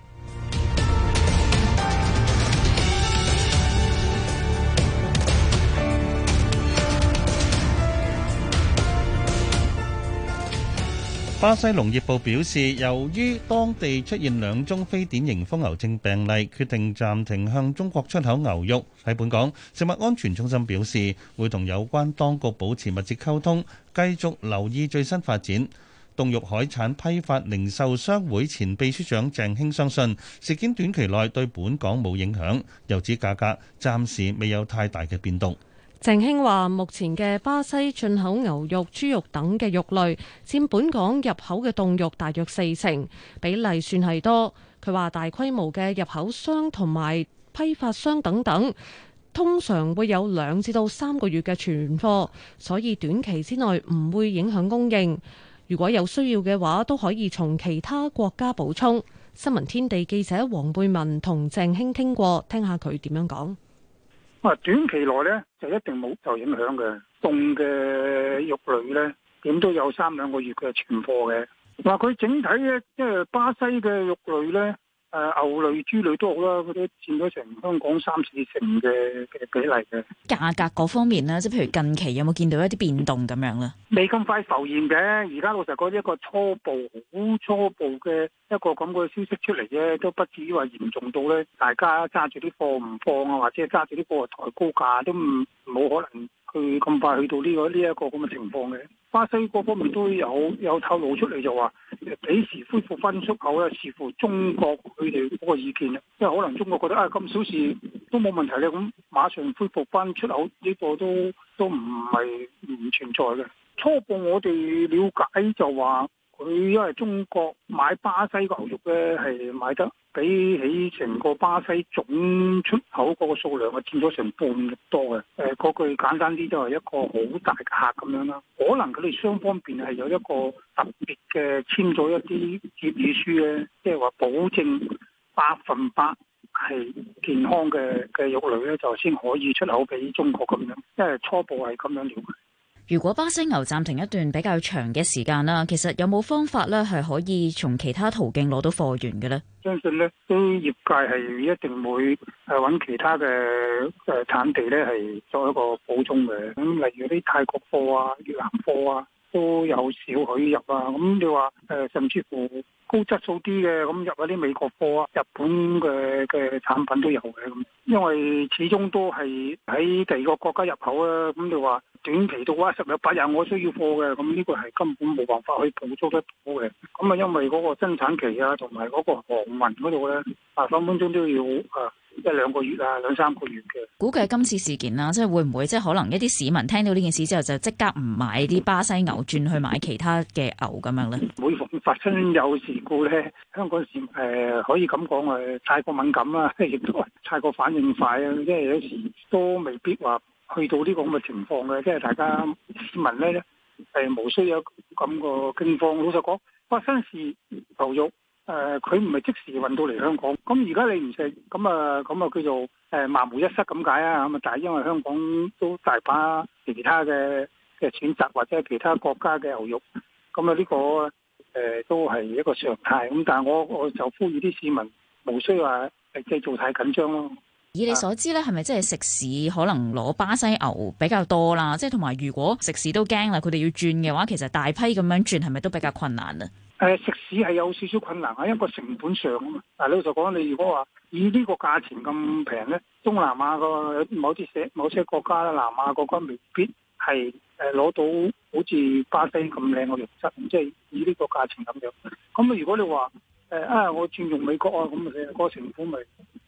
巴西農業部表示，由於當地出現兩宗非典型瘋牛症病例，決定暫停向中國出口牛肉。喺本港，食物安全中心表示，會同有關當局保持密切溝通，繼續留意最新發展。凍肉海產批發零售商會前秘書長鄭興相信，事件短期內對本港冇影響，油脂價格暫時未有太大嘅變動。
鄭興話：目前嘅巴西進口牛肉、豬肉等嘅肉類，佔本港入口嘅凍肉大約四成，比例算係多。佢話大規模嘅入口商同埋批發商等等，通常會有兩至到三個月嘅存貨，所以短期之內唔會影響供應。如果有需要嘅話，都可以從其他國家補充。新聞天地記者黃貝文同鄭興傾過，聽下佢點樣講。
短期內呢就一定冇受影響嘅，凍嘅肉類呢點都有三兩個月嘅存貨嘅。佢整體呢，即係巴西嘅肉類呢。誒，牛類、豬類都好啦，佢都佔咗成香港三四成嘅嘅比例嘅，
價格嗰方面咧，即係譬如近期有冇見到一啲變動咁樣咧？
未咁快浮現嘅，而家老實講，一個初步好初步嘅一個咁嘅消息出嚟咧，都不至於話嚴重到咧，大家揸住啲貨唔放啊，或者揸住啲貨抬高價都唔冇可能去咁快去到呢個呢一個咁嘅情況嘅。巴西各方面都有有透露出嚟，就話。幾時恢復翻出口咧？視乎中國佢哋嗰個意見啦，即係可能中國覺得啊，哎、咁小事都冇問題咧，咁馬上恢復翻出口呢個都都唔係唔存在嘅。初步我哋了解就話。佢因為中國買巴西牛肉呢，係買得比起成個巴西總出口嗰個數量係佔咗成半日多嘅。誒、呃，句簡單啲就係一個好大嘅客咁樣啦。可能佢哋雙方面係有一個特別嘅簽咗一啲協議書呢，即係話保證百分百係健康嘅嘅肉類呢就先可以出口俾中國咁樣。因為初步係
咁樣瞭解如果巴西牛暫停一段比較長嘅時間啦，其實有冇方法咧係可以從其他途徑攞到貨源嘅咧？
相信咧，業界係一定會係揾其他嘅誒產地咧係作一個補充嘅。咁例如啲泰國貨啊、越南貨啊。都有少許入啊！咁你話誒、呃，甚至乎高質素啲嘅，咁入一啲美國貨啊、日本嘅嘅產品都有嘅咁。因為始終都係喺第二個國家入口啦。咁你話短期到啊十日八日我需要貨嘅，咁呢個係根本冇辦法去補充得到嘅。咁啊，因為嗰個生產期啊，同埋嗰個航運嗰度咧啊，分分鐘都要啊。一兩兩個月啊，兩三個月嘅。
估計，今次事件啦，即係會唔會即係可能一啲市民聽到呢件事之後就即刻唔買啲巴西牛，轉去買其他嘅牛咁樣咧？
每逢發生有事故咧，香港市民、呃、可以咁講誒，太過敏感啊，亦都太過反應快啊，即係有時都未必話去到呢個咁嘅情況嘅，即係大家市民咧誒、呃、無需有咁個驚慌。老實講，發生事牛肉。誒，佢唔係即時運到嚟香港，咁而家你唔食，咁啊，咁啊，叫做誒萬無一失咁解啊，咁啊，但係因為香港都大把其他嘅嘅選擇，或者係其他國家嘅牛肉，咁啊、這個，呢個誒都係一個常態，咁但係我我就呼籲啲市民無需話即係做太緊張咯。
以你所知咧，係咪即係食肆可能攞巴西牛比較多啦？即係同埋，如果食肆都驚啦，佢哋要轉嘅話，其實大批咁樣轉係咪都比較困難啊？
誒食肆係有少少困難喺一個成本上，啊老實講，你如果話以呢個價錢咁平咧，東南亞個某啲社某些國家啦，南亞國家未必係誒攞到好似巴西咁靚個肉質，即係以呢個價錢咁樣。咁你如果你話，誒啊！我轉用美國啊，咁啊，個成本咪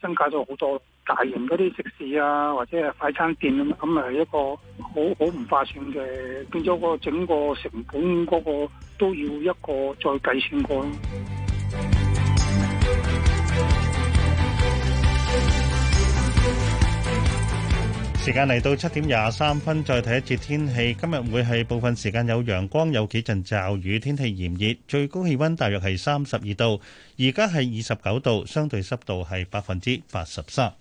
增加咗好多，大型嗰啲食肆啊，或者係快餐店咁，咁咪一個好好唔划算嘅，變咗個整個成本嗰個都要一個再計算過咯。
時間嚟到七點廿三分，再睇一節天氣。今日會係部分時間有陽光，有幾陣驟雨。天氣炎熱，最高氣溫大約係三十二度。而家係二十九度，相對濕度係百分之八
十三。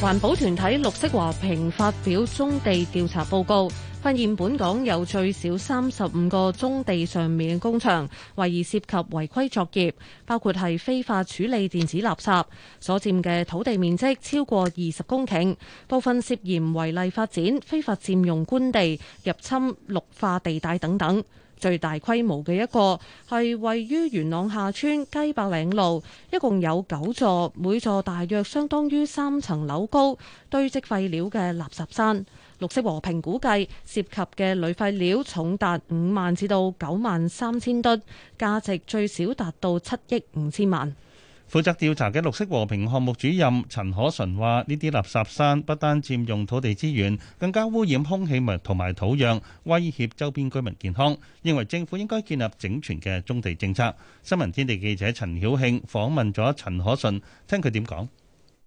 環保團體綠色和平發表棕地調查報告，發現本港有最少三十五個棕地上面工場，懷疑涉及違規作業，包括係非法處理電子垃圾，所佔嘅土地面積超過二十公頃，部分涉嫌違例發展、非法佔用官地、入侵綠化地帶等等。最大規模嘅一個係位於元朗下村雞白嶺路，一共有九座，每座大約相當於三層樓高堆積廢料嘅垃圾山。綠色和平估計涉及嘅鋁廢料重達五萬至到九萬三千噸，價值最少達到七億五千萬。
負責調查嘅綠色和平項目主任陳可純話：呢啲垃圾山不單佔用土地資源，更加污染空氣同埋土壤，威脅周邊居民健康。認為政府應該建立整全嘅中地政策。新聞天地記者陳曉慶訪問咗陳可純，聽佢點講。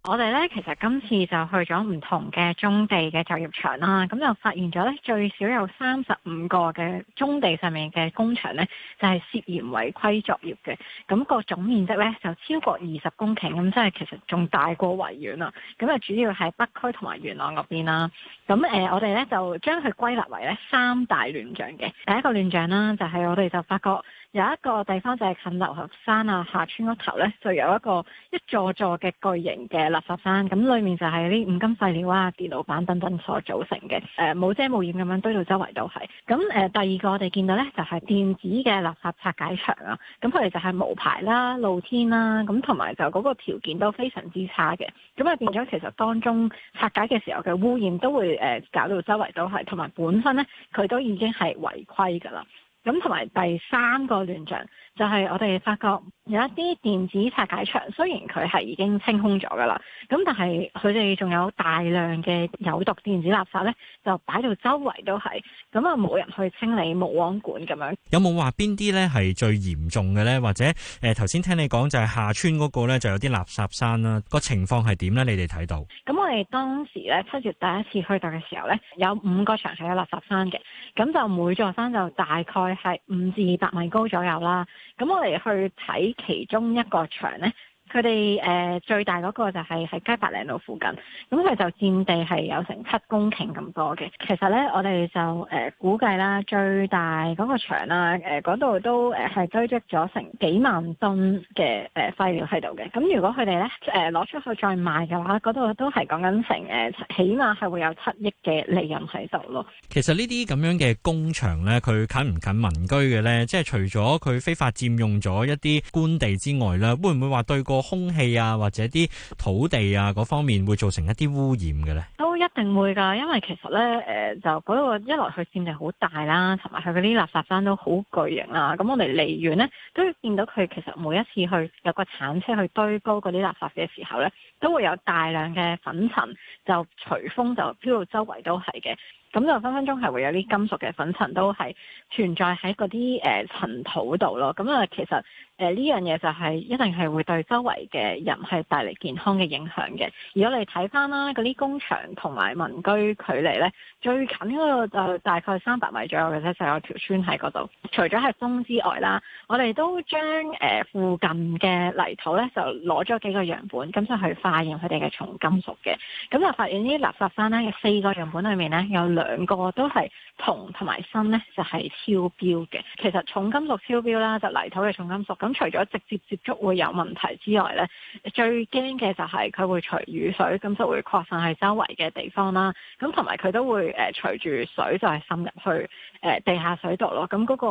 我哋咧其實今次就去咗唔同嘅棕地嘅作業場啦，咁就發現咗咧最少有三十五個嘅棕地上面嘅工場咧就係、是、涉嫌違規作業嘅，咁、那個總面積咧就超過二十公頃，咁即係其實仲大過維園啦，咁啊主要喺北區同埋元朗嗰邊啦，咁誒我哋咧就將佢歸納為咧三大亂象嘅，第一個亂象啦就係我哋就發覺。有一個地方就係近流浮山啊，下村嗰頭呢，就有一個一座座嘅巨型嘅垃圾山，咁裡面就係啲五金廢料啊、電腦板等等所組成嘅，誒、呃、冇遮冇掩咁樣堆到周圍都係。咁誒、呃、第二個我哋見到呢，就係、是、電子嘅垃圾拆解場啊，咁佢哋就係無牌啦、露天啦、啊，咁同埋就嗰個條件都非常之差嘅。咁啊變咗其實當中拆解嘅時候嘅污染都會誒、呃、搞到周圍都係，同埋本身呢，佢都已經係違規㗎啦。咁同埋第三個亂象。就係我哋發覺有一啲電子拆解場，雖然佢係已經清空咗㗎啦，咁但係佢哋仲有大量嘅有毒電子垃圾呢，就擺到周圍都係，咁啊冇人去清理，冇王管咁樣。
有冇話邊啲呢係最嚴重嘅呢？或者誒頭先聽你講就係下村嗰個咧就有啲垃圾山啦，個情況係點呢？你哋睇到？
咁我哋當時呢，七月第一次去到嘅時候呢，有五個場係有垃圾山嘅，咁就每座山就大概係五至八米高左右啦。咁我哋去睇其中一個場咧。佢哋誒最大嗰個就係喺雞伯嶺路附近，咁、嗯、佢就佔地係有成七公頃咁多嘅。其實咧，我哋就誒、呃、估計啦，最大嗰個場啦、啊，誒嗰度都誒係堆積咗成幾萬噸嘅誒廢料喺度嘅。咁、呃呃呃、如果佢哋咧誒攞出去再賣嘅話，嗰度都係講緊成誒、呃、起碼係會有七億嘅利潤喺度咯。
其實呢啲咁樣嘅工場咧，佢近唔近民居嘅咧？即係除咗佢非法佔用咗一啲官地之外咧，會唔會話對個？空氣啊，或者啲土地啊，嗰方面會造成一啲污染嘅咧？
都一定會噶，因為其實咧，誒、呃，就嗰，那個一來佢佔地好大啦，同埋佢嗰啲垃圾山都好巨型啦，啊。咁我哋離遠咧，都會見到佢其實每一次去有個鏟車去堆高嗰啲垃圾嘅時候咧，都會有大量嘅粉塵就隨風就飄到周圍都係嘅。咁就分分鐘係會有啲金屬嘅粉塵都係存在喺嗰啲誒塵土度咯。咁啊，其實誒呢、呃、樣嘢就係一定係會對周圍嘅人係帶嚟健康嘅影響嘅。如果你睇翻啦，嗰啲工場同埋民居距離呢，最近嗰個誒就大概三百米左右嘅咧，就是、有條村喺嗰度。除咗係風之外啦，我哋都將誒、呃、附近嘅泥土呢，就攞咗幾個樣本，咁就去化驗佢哋嘅重金屬嘅。咁就發現啲垃圾山呢，有四個樣本裏面呢，有兩個都係，銅同埋砷呢，就係、是、超標嘅，其實重金屬超標啦，就是、泥土嘅重金屬。咁除咗直接接觸會有問題之外呢，最驚嘅就係佢會隨雨水，咁就會擴散喺周圍嘅地方啦。咁同埋佢都會誒隨住水就係滲入去誒地下水道咯。咁嗰個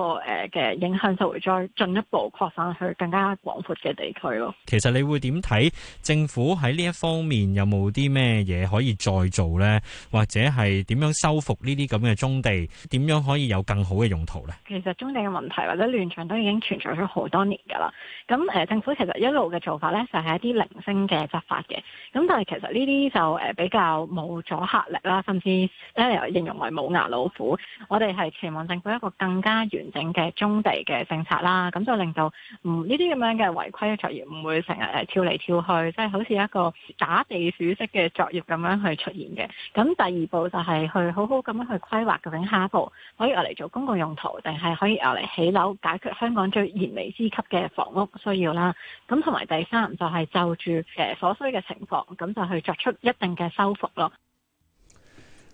嘅影響就會再進一步擴散去更加廣闊嘅地區咯。
其實你會點睇政府喺呢一方面有冇啲咩嘢可以再做呢？或者係點樣修復呢啲咁嘅棕地？點樣可以有更好嘅用途呢？
其實中地嘅問題或者亂象都已經存在咗好多年噶啦。咁誒、呃，政府其實一路嘅做法呢，就係、是、一啲零星嘅執法嘅。咁但係其實呢啲就誒、呃、比較冇阻嚇力啦，甚至咧、呃、形容為冇牙老虎。我哋係期望政府一個更加完整嘅中地嘅政策啦。咁就令到嗯呢啲咁樣嘅違規嘅作業唔會成日誒跳嚟跳去，即、就、係、是、好似一個打地鼠式嘅作業咁樣去出現嘅。咁第二步就係去好好咁樣去規劃究竟。下一步可以攞嚟做公共用途，定係可以攞嚟起樓，解決香港最燃眉之急嘅房屋需要啦。咁同埋第三就係、是、就住誒所需嘅情況，咁就去作出一定嘅修復咯。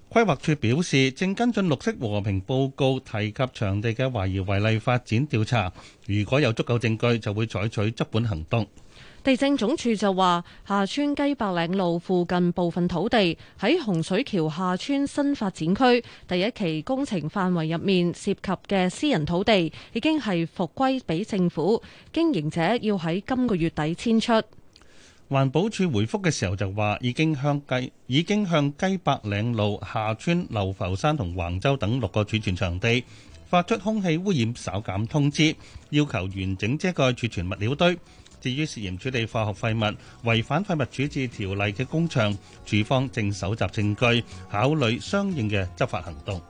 規劃處表示，正跟進綠色和平報告提及場地嘅懷疑違例發展調查，如果有足夠證據，就會採取執法行動。
地政總署就話：廈村雞白嶺路附近部分土地喺洪水橋廈村新發展區第一期工程範圍入面，涉及嘅私人土地已經係復歸俾政府經營者，要喺今個月底遷出。
環保署回覆嘅時候就話：已經向雞，已經向雞白嶺路、廈村、流浮山同橫洲等六個儲存場地發出空氣污染消減通知，要求完整遮蓋儲存物料堆。至於涉嫌處理化學廢物違反廢物處置條例嘅工場，署方正搜集證據，考慮相應嘅執法行動。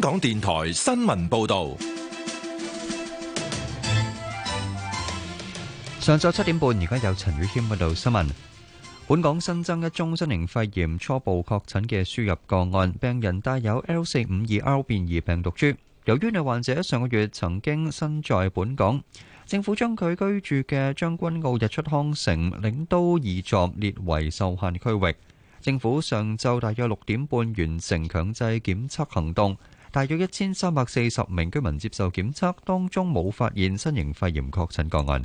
港電台新聞報道：
上晝七點半，而家有陳宇謙報道新聞。本港新增一宗新型肺炎初步確診嘅輸入個案，病人帶有 L 四五二 R 變異病毒株。由於呢患者上個月曾經身在本港，政府將佢居住嘅將軍澳日出康城領都二座列為受限區域。政府上晝大約六點半完成強制檢測行動。大約一千三百四十名居民接受檢測，當中冇發現新型肺炎確診個案。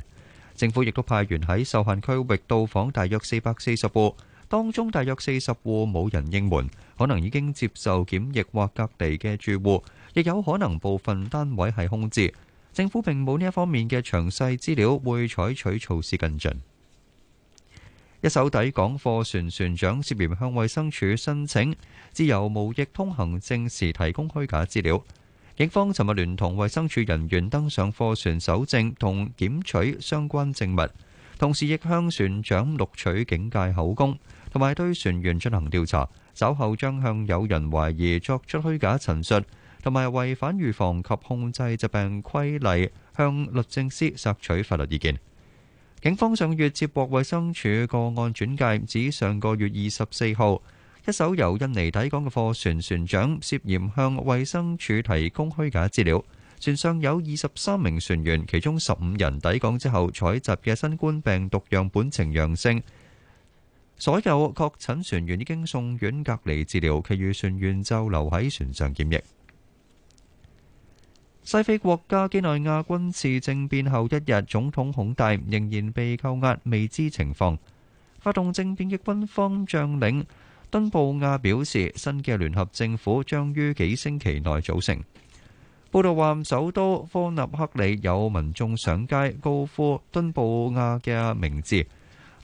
政府亦都派員喺受限區域到訪大約四百四十戶，當中大約四十戶冇人應門，可能已經接受檢疫或隔離嘅住戶，亦有可能部分單位係空置。政府並冇呢一方面嘅詳細資料，會採取措施跟進。一艘抵港貨船船長涉嫌向衛生署申請自由無疫通行證時提供虛假資料，警方尋日聯同衛生署人員登上貨船搜證同檢取相關證物，同時亦向船長錄取警戒口供，同埋對船員進行調查。稍後將向有人懷疑作出虛假陳述同埋違反預防及控制疾病規例向律政司索取法律意見。警方上月接獲衛生署個案轉介，指上個月二十四號一艘由印尼抵港嘅貨船船長涉嫌向衛生署提供虛假資料，船上有二十三名船員，其中十五人抵港之後採集嘅新冠病毒樣本呈陽性，所有確診船員已經送院隔離治療，其餘船員就留喺船上檢疫。西非國家幾內亞軍事政變後一日，總統孔戴仍然被扣押，未知情況。發動政變嘅軍方將領敦布亞表示，新嘅聯合政府將於幾星期內組成。報道話，首都科納克里有民眾上街高呼敦布亞嘅名字。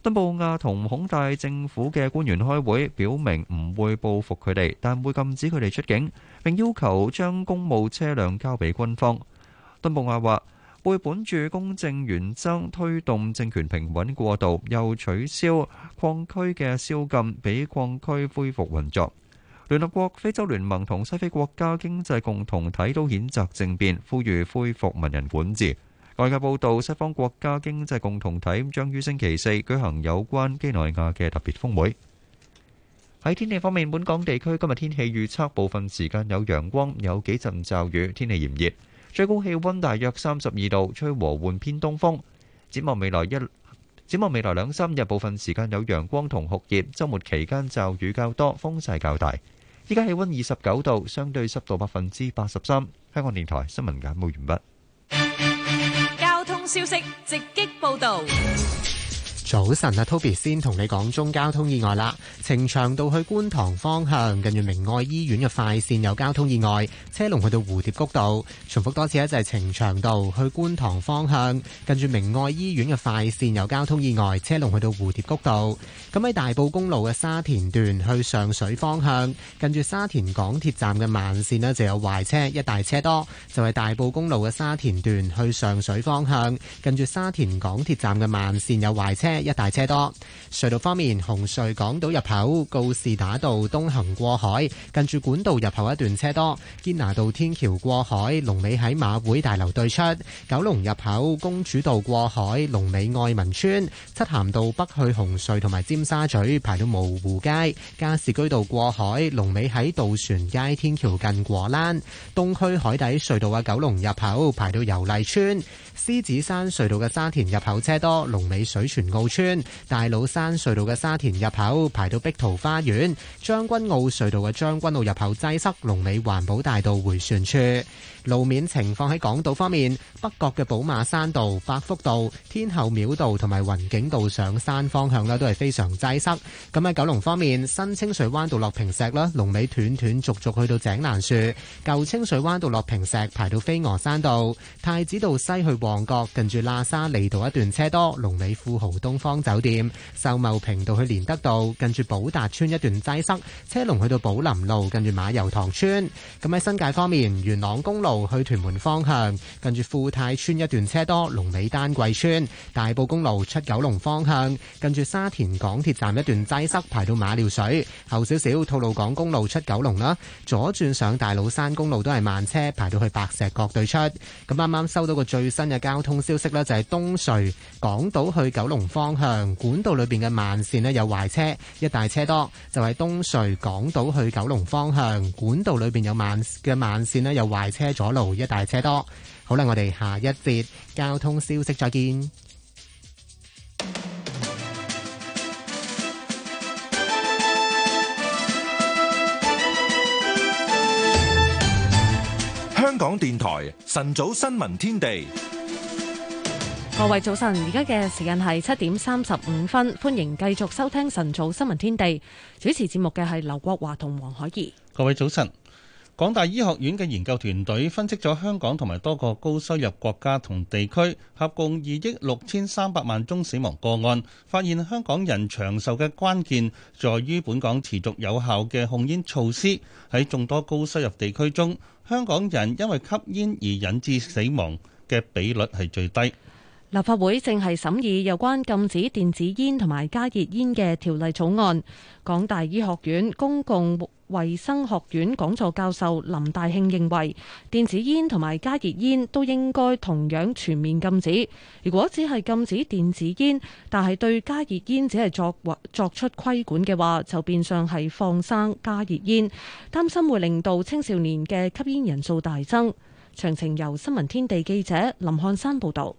敦布亞同孔大政府嘅官員開會，表明唔會報復佢哋，但會禁止佢哋出境，並要求將公務車輛交俾軍方。敦布亞話會本著公正原則推動政權平穩過渡，又取消礦區嘅宵禁，俾礦區恢復運作。聯合國、非洲聯盟同西非國家經濟共同體都譴責政變，呼籲恢復文人管治。外界報道，西方國家經濟共同體將於星期四舉行有關幾內亞嘅特別峰會。喺天氣方面，本港地區今日天氣預測部分時間有陽光，有幾陣驟雨，天氣炎熱，最高氣溫大約三十二度，吹和緩偏東風。展望未來一展望未來兩三日，部分時間有陽光同酷熱。周末期間驟雨較多，風勢較大。依家氣溫二十九度，相對濕度百分之八十三。香港電台新聞簡報完畢。消息直擊報道。
早晨啊，Toby 先同你講中交通意外啦。呈祥道去觀塘方向，近住明愛醫院嘅快線有交通意外，車龍去到蝴蝶谷道。重複多次咧，就係呈祥道去觀塘方向，近住明愛醫院嘅快線有交通意外，車龍去到蝴蝶谷道。咁喺大埔公路嘅沙田段去上水方向，近住沙田港鐵站嘅慢線咧就有壞車，一帶車多。就係大埔公路嘅沙田段去上水方向，近住沙田港鐵站嘅慢線有壞車。一大車多。隧道方面，紅隧港島入口告士打道東行過海，近住管道入口一段車多。堅拿道天橋過海，龍尾喺馬會大樓對出。九龍入口公主道過海，龍尾愛民村。漆咸道北去紅隧同埋尖沙咀排到蕪湖街。加士居道過海，龍尾喺渡船街天橋近果欄。東區海底隧道喺九龍入口排到油麗邨。獅子山隧道嘅沙田入口車多，龍尾水泉澳村；大老山隧道嘅沙田入口排到碧桃花園，將軍澳隧道嘅將軍澳入口擠塞，龍尾環保大道回旋處。路面情況喺港島方面，北角嘅寶馬山道、百福道、天后廟道同埋雲景道上山方向咧，都係非常擠塞。咁喺九龍方面，新清水灣道落坪石啦，龍尾斷斷續續去到井欄樹；舊清水灣道落坪石排到飛鵝山道，太子道西去旺角近住喇沙利道一段車多，龍尾富豪東方酒店、秀茂坪道去連德道近住寶達邨一段擠塞，車龍去到寶林路近住馬油塘村。咁喺新界方面，元朗公路。路去屯門方向，近住富泰村一段車多；龍尾丹桂村、大埔公路出九龍方向，近住沙田港鐵站一段擠塞，排到馬料水後少少；吐露港公路出九龍啦，左轉上大老山公路都係慢車，排到去白石角對出。咁啱啱收到個最新嘅交通消息呢，就係東隧港島去九龍方向管道裏邊嘅慢線呢有壞車，一帶車多，就係東隧港島去九龍方向管道裏邊有慢嘅慢線呢有壞車。嗰路一大車多，好啦，我哋下一節交通消息，再見。
香港電台晨早新聞天地，
各位早晨，而家嘅時間係七點三十五分，歡迎繼續收聽晨早新聞天地，主持節目嘅係劉國華同黃海怡。
各位早晨。港大醫學院嘅研究團隊分析咗香港同埋多個高收入國家同地區合共二億六千三百萬宗死亡個案，發現香港人長壽嘅關鍵在於本港持續有效嘅控煙措施。喺眾多高收入地區中，香港人因為吸煙而引致死亡嘅比率係最低。
立法會正係審議有關禁止電子煙同埋加熱煙嘅條例草案。港大醫學院公共衛生學院講座教授林大慶認為，電子煙同埋加熱煙都應該同樣全面禁止。如果只係禁止電子煙，但係對加熱煙只係作作出規管嘅話，就變相係放生加熱煙，擔心會令到青少年嘅吸煙人數大增。詳情由新聞天地記者林漢山報道。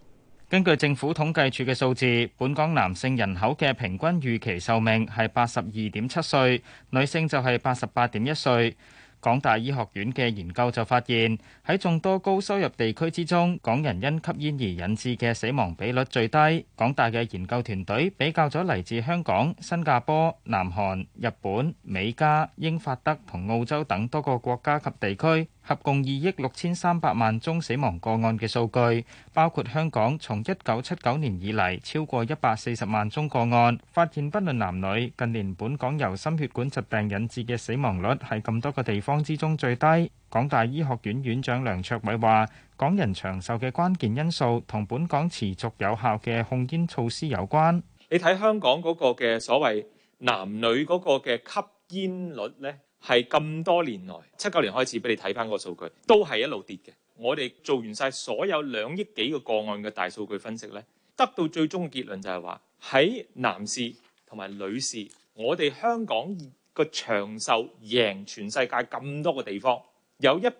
根據政府統計處嘅數字，本港男性人口嘅平均預期壽命係八十二點七歲，女性就係八十八點一歲。港大醫學院嘅研究就發現，喺眾多高收入地區之中，港人因吸煙而引致嘅死亡比率最低。港大嘅研究團隊比較咗嚟自香港、新加坡、南韓、日本、美加、英法德同澳洲等多個國家及地區，合共二億六千三百萬宗死亡個案嘅數據，包括香港從一九七九年以嚟超過一百四十萬宗個案，發現不論男女，近年本港由心血管疾病引致嘅死亡率喺咁多個地方之中最低。港大醫學院院長梁卓偉話，港人長壽嘅關鍵因素同本港持續有效嘅控煙措施有關。
你睇香港嗰個嘅所謂男女嗰個嘅吸煙率咧，係咁多年來七九年開始俾你睇翻個數據，都係一路跌嘅。我哋做完晒所有兩億幾個個案嘅大數據分析咧，得到最終嘅結論就係話，喺男士同埋女士，我哋香港個長壽贏全世界咁多個地方。有一半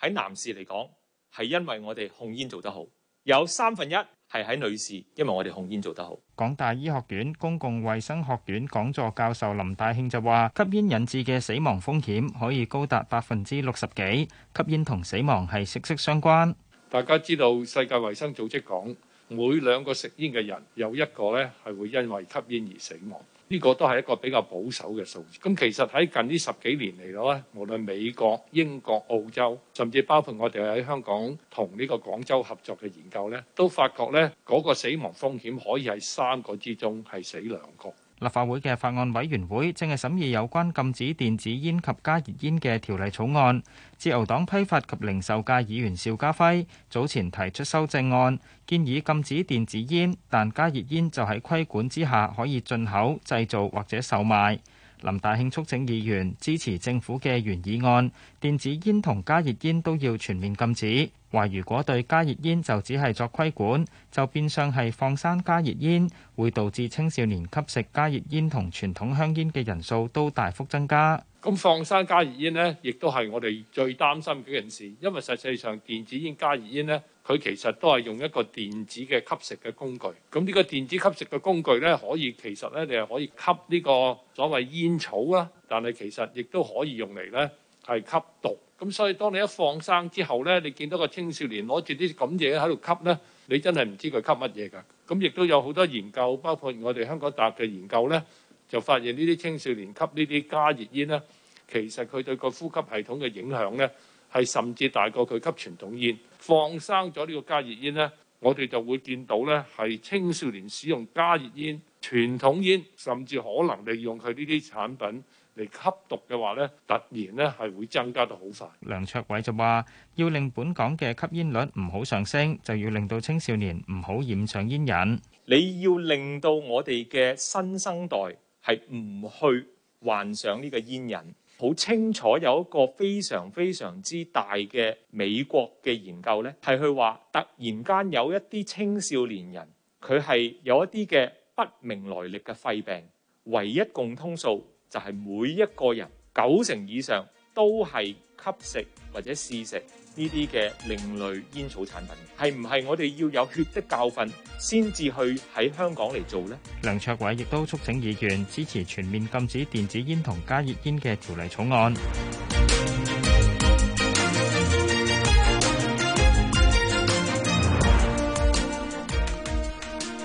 喺男士嚟講係因為我哋控煙做得好，有三分一係喺女士，因為我哋控煙做得好。
港大醫學院公共衞生學院講座教授林大慶就話：吸煙引致嘅死亡風險可以高達百分之六十幾，吸煙同死亡係息息相關。
大家知道世界衞生組織講每兩個食煙嘅人有一個咧係會因為吸煙而死亡。呢個都係一個比較保守嘅數字。咁其實喺近呢十幾年嚟講咧，無論美國、英國、澳洲，甚至包括我哋喺香港同呢個廣州合作嘅研究咧，都發覺咧嗰個死亡風險可以喺三個之中係死兩個。
立法會嘅法案委員會正係審議有關禁止電子煙及加熱煙嘅條例草案。自由黨批發及零售界議員邵家輝早前提出修正案，建議禁止電子煙，但加熱煙就喺規管之下可以進口、製造或者售賣。林大慶促請議員支持政府嘅原議案，電子煙同加熱煙都要全面禁止。話如果對加熱煙就只係作規管，就變相係放生加熱煙，會導致青少年吸食加熱煙同傳統香煙嘅人數都大幅增加。
咁放生加熱煙呢，亦都係我哋最擔心嘅一件事，因為實際上電子煙加熱煙呢。佢其實都係用一個電子嘅吸食嘅工具，咁呢個電子吸食嘅工具咧，可以其實咧，你係可以吸呢個所謂煙草啦，但係其實亦都可以用嚟咧係吸毒。咁所以當你一放生之後咧，你見到個青少年攞住啲咁嘢喺度吸咧，你真係唔知佢吸乜嘢㗎。咁亦都有好多研究，包括我哋香港大學嘅研究咧，就發現呢啲青少年吸呢啲加熱煙咧，其實佢對個呼吸系統嘅影響咧。係甚至大過佢吸傳統煙，放生咗呢個加熱煙咧，我哋就會見到咧係青少年使用加熱煙、傳統煙，甚至可能利用佢呢啲產品嚟吸毒嘅話咧，突然咧係會增加到好快。
梁卓偉就話：要令本港嘅吸煙率唔好上升，就要令到青少年唔好染上煙癮。
你要令到我哋嘅新生代係唔去幻想呢個煙癮。好清楚有一個非常非常之大嘅美國嘅研究呢，係佢話突然間有一啲青少年人，佢係有一啲嘅不明來歷嘅肺病，唯一共通數就係每一個人九成以上都係吸食或者試食。呢啲嘅另類煙草產品係唔係我哋要有血的教訓先至去喺香港嚟做呢？
梁卓偉亦都促請議員支持全面禁止電子煙同加熱煙嘅條例草
案。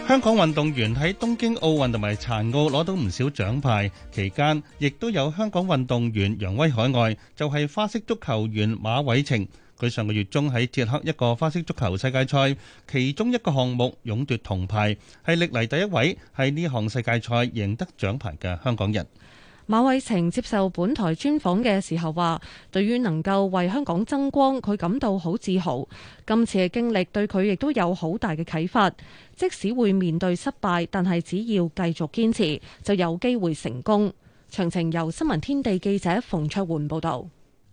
香港運動員喺東京奧運同埋殘奧攞到唔少獎牌，期間亦都有香港運動員揚威海外，就係、是、花式足球員馬偉晴。佢上個月中喺捷克一個花式足球世界賽，其中一個項目勇奪銅牌，係歷嚟第一位喺呢項世界賽贏得獎牌嘅香港人。
馬偉晴接受本台專訪嘅時候話，對於能夠為香港爭光，佢感到好自豪。今次嘅經歷對佢亦都有好大嘅啟發，即使會面對失敗，但係只要繼續堅持，就有機會成功。詳情由新聞天地記者馮卓桓報道。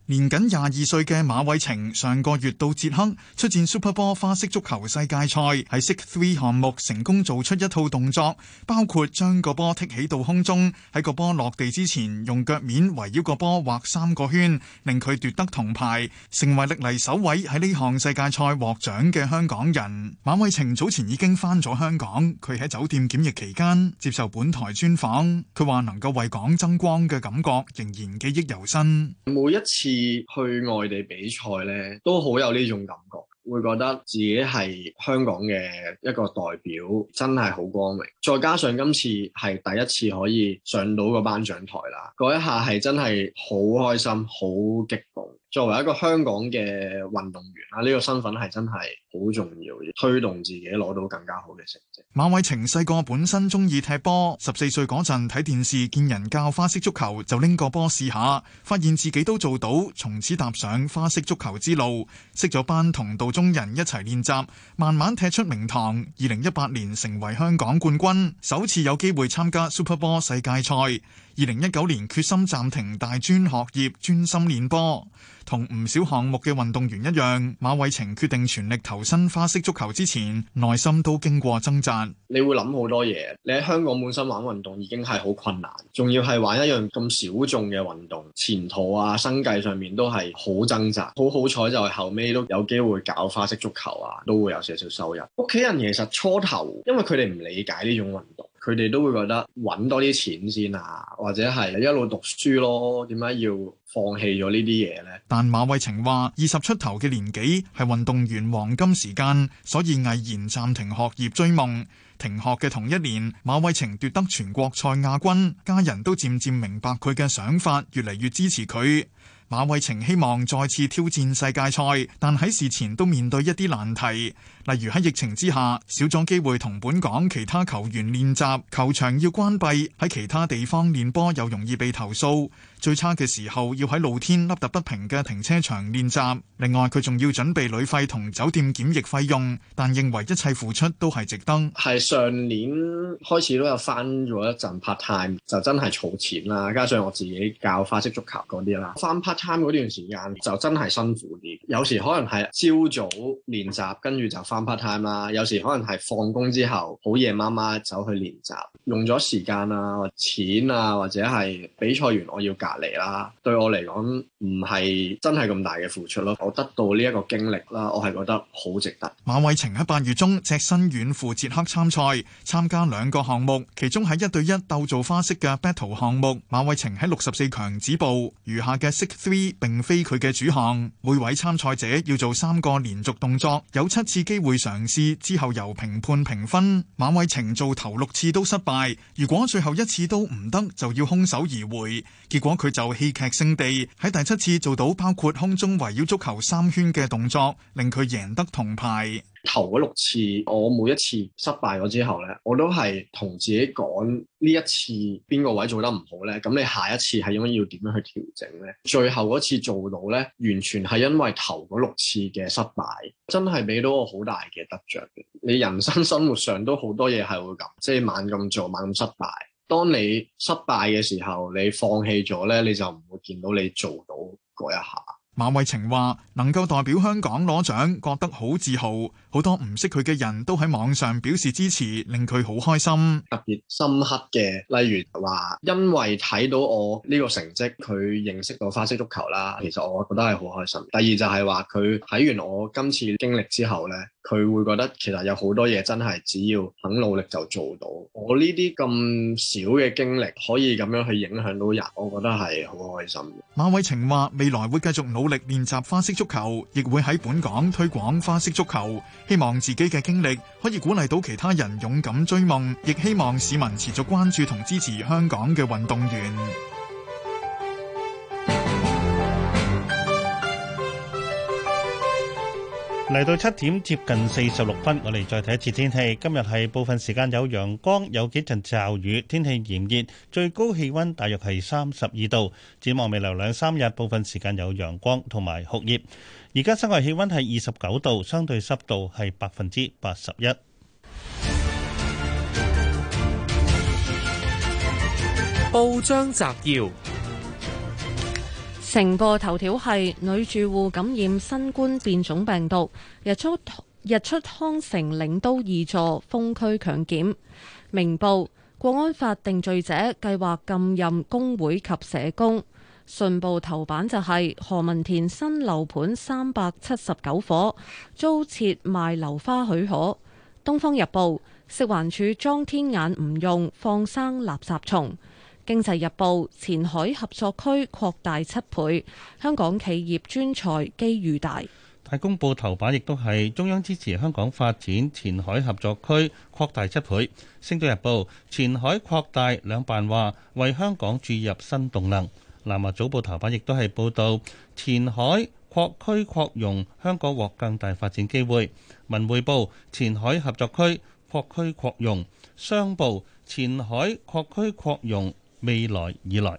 年僅廿二歲嘅馬偉晴上個月到捷克出戰 Super Ball 花式足球世界賽，喺 Sick Three 項目成功做出一套動作，包括將個波踢起到空中，喺個波落地之前用腳面圍繞個波畫三個圈，令佢奪得銅牌，成為歷嚟首位喺呢項世界賽獲獎嘅香港人。馬偉晴早前已經翻咗香港，佢喺酒店檢疫期間接受本台專訪，佢話能夠為港爭光嘅感覺仍然記憶猶新，
每一次。去外地比賽呢，都好有呢種感覺，會覺得自己係香港嘅一個代表，真係好光榮。再加上今次係第一次可以上到個頒獎台啦，嗰一下係真係好開心，好激動。作為一個香港嘅運動員啊，呢個身份係真係好重要，要推動自己攞到更加好嘅成績。
馬偉晴細個本身中意踢波，十四歲嗰陣睇電視見人教花式足球，就拎個波試下，發現自己都做到，從此踏上花式足球之路。識咗班同道中人一齊練習，慢慢踢出名堂。二零一八年成為香港冠軍，首次有機會參加 Super Ball 世界賽。二零一九年決心暫停大專學業，專心練波。同唔少項目嘅運動員一樣，馬慧晴決定全力投身花式足球之前，內心都經過掙扎。
你會諗好多嘢。你喺香港本身玩運動已經係好困難，仲要係玩一樣咁小眾嘅運動，前途啊、生計上面都係好掙扎。好好彩就係後尾都有機會搞花式足球啊，都會有少少收入。屋企人其實初頭，因為佢哋唔理解呢種運動。佢哋都會覺得揾多啲錢先啊，或者係一路讀書咯。點解要放棄咗呢啲嘢呢？
但馬偉晴話：二十出頭嘅年紀係運動員黃金時間，所以毅然暫停學業追夢。停學嘅同一年，馬偉晴奪得全國賽亞軍，家人都漸漸明白佢嘅想法，越嚟越支持佢。馬慧晴希望再次挑戰世界賽，但喺事前都面對一啲難題，例如喺疫情之下，少咗機會同本港其他球員練習，球場要關閉，喺其他地方練波又容易被投訴。最差嘅時候要喺露天凹凸不平嘅停車場練習，另外佢仲要準備旅費同酒店檢疫費用，但認為一切付出都係值得。
係上年開始都有返咗一陣 part time，就真係儲錢啦。加上我自己教花式足球嗰啲啦，返 part time 嗰段時間就真係辛苦啲。有時可能係朝早練習，跟住就返 part time 啦。有時可能係放工之後好夜媽媽走去練習，用咗時間啦、錢啊，或者係比賽完我要搞嚟啦，對我嚟講唔係真係咁大嘅付出咯，我得到呢一個經歷啦，我係覺得好值得。
馬偉晴喺八月中隻身遠赴捷克參賽，參加兩個項目，其中喺一對一鬥造花式嘅 battle 項目，馬偉晴喺六十四強止步。餘下嘅 six three 並非佢嘅主項，每位參賽者要做三個連續動作，有七次機會嘗試，之後由評判評分。馬偉晴做頭六次都失敗，如果最後一次都唔得，就要空手而回。結果佢佢就戲劇性地喺第七次做到包括空中圍繞足球三圈嘅動作，令佢贏得銅
牌。頭嗰六次，我每一次失敗咗之後呢，我都係同自己講：「呢一次邊個位做得唔好呢？咁你下一次係應該要點樣去調整呢？」最後嗰次做到呢，完全係因為頭嗰六次嘅失敗，真係俾到我好大嘅得着。你人生生活上都好多嘢係會咁，即係猛咁做，猛咁失敗。當你失敗嘅時候，你放棄咗呢，你就唔會見到你做到嗰一下。
馬慧晴話：能夠代表香港攞獎，覺得好自豪。好多唔識佢嘅人都喺網上表示支持，令佢好開心。特別
深刻嘅，例如話，因為睇到我呢個成績，佢認識到花式足球啦。其實我覺得係好開心。第二就係話，佢睇完我今次經歷之後呢。佢會覺得其實有好多嘢真係只要肯努力就做到。我呢啲咁少嘅經歷可以咁樣去影響到人，我覺得係好開心。
馬偉晴話：未來會繼續努力練習花式足球，亦會喺本港推廣花式足球。希望自己嘅經歷可以鼓勵到其他人勇敢追夢，亦希望市民持續關注同支持香港嘅運動員。
嚟到七點接近四十六分，我哋再睇一次天氣。今日係部分時間有陽光，有幾陣驟雨，天氣炎熱，最高氣溫大約係三十二度。展望未來兩三日，部分時間有陽光同埋酷熱。而家室外氣溫係二十九度，相對濕度係百分之八十一。報章摘要。
成個頭條係女住戶感染新冠變種病毒。日出日出康城領都二座封區強檢。明報國安法定罪者計劃禁任工會及社工。信報頭版就係、是、何文田新樓盤三百七十九伙，租設賣樓花許可。東方日報食環署裝天眼唔用放生垃圾蟲。經濟日報前海合作區擴大七倍，香港企業專才機遇大。
大公報頭版亦都係中央支持香港發展前海合作區擴大七倍。星島日報前海擴大兩辦話為香港注入新動能。南華早報頭版亦都係報導前海擴區擴容，香港獲更大發展機會。文匯報前海合作區擴區擴容。商報前海擴區擴容。未來以來，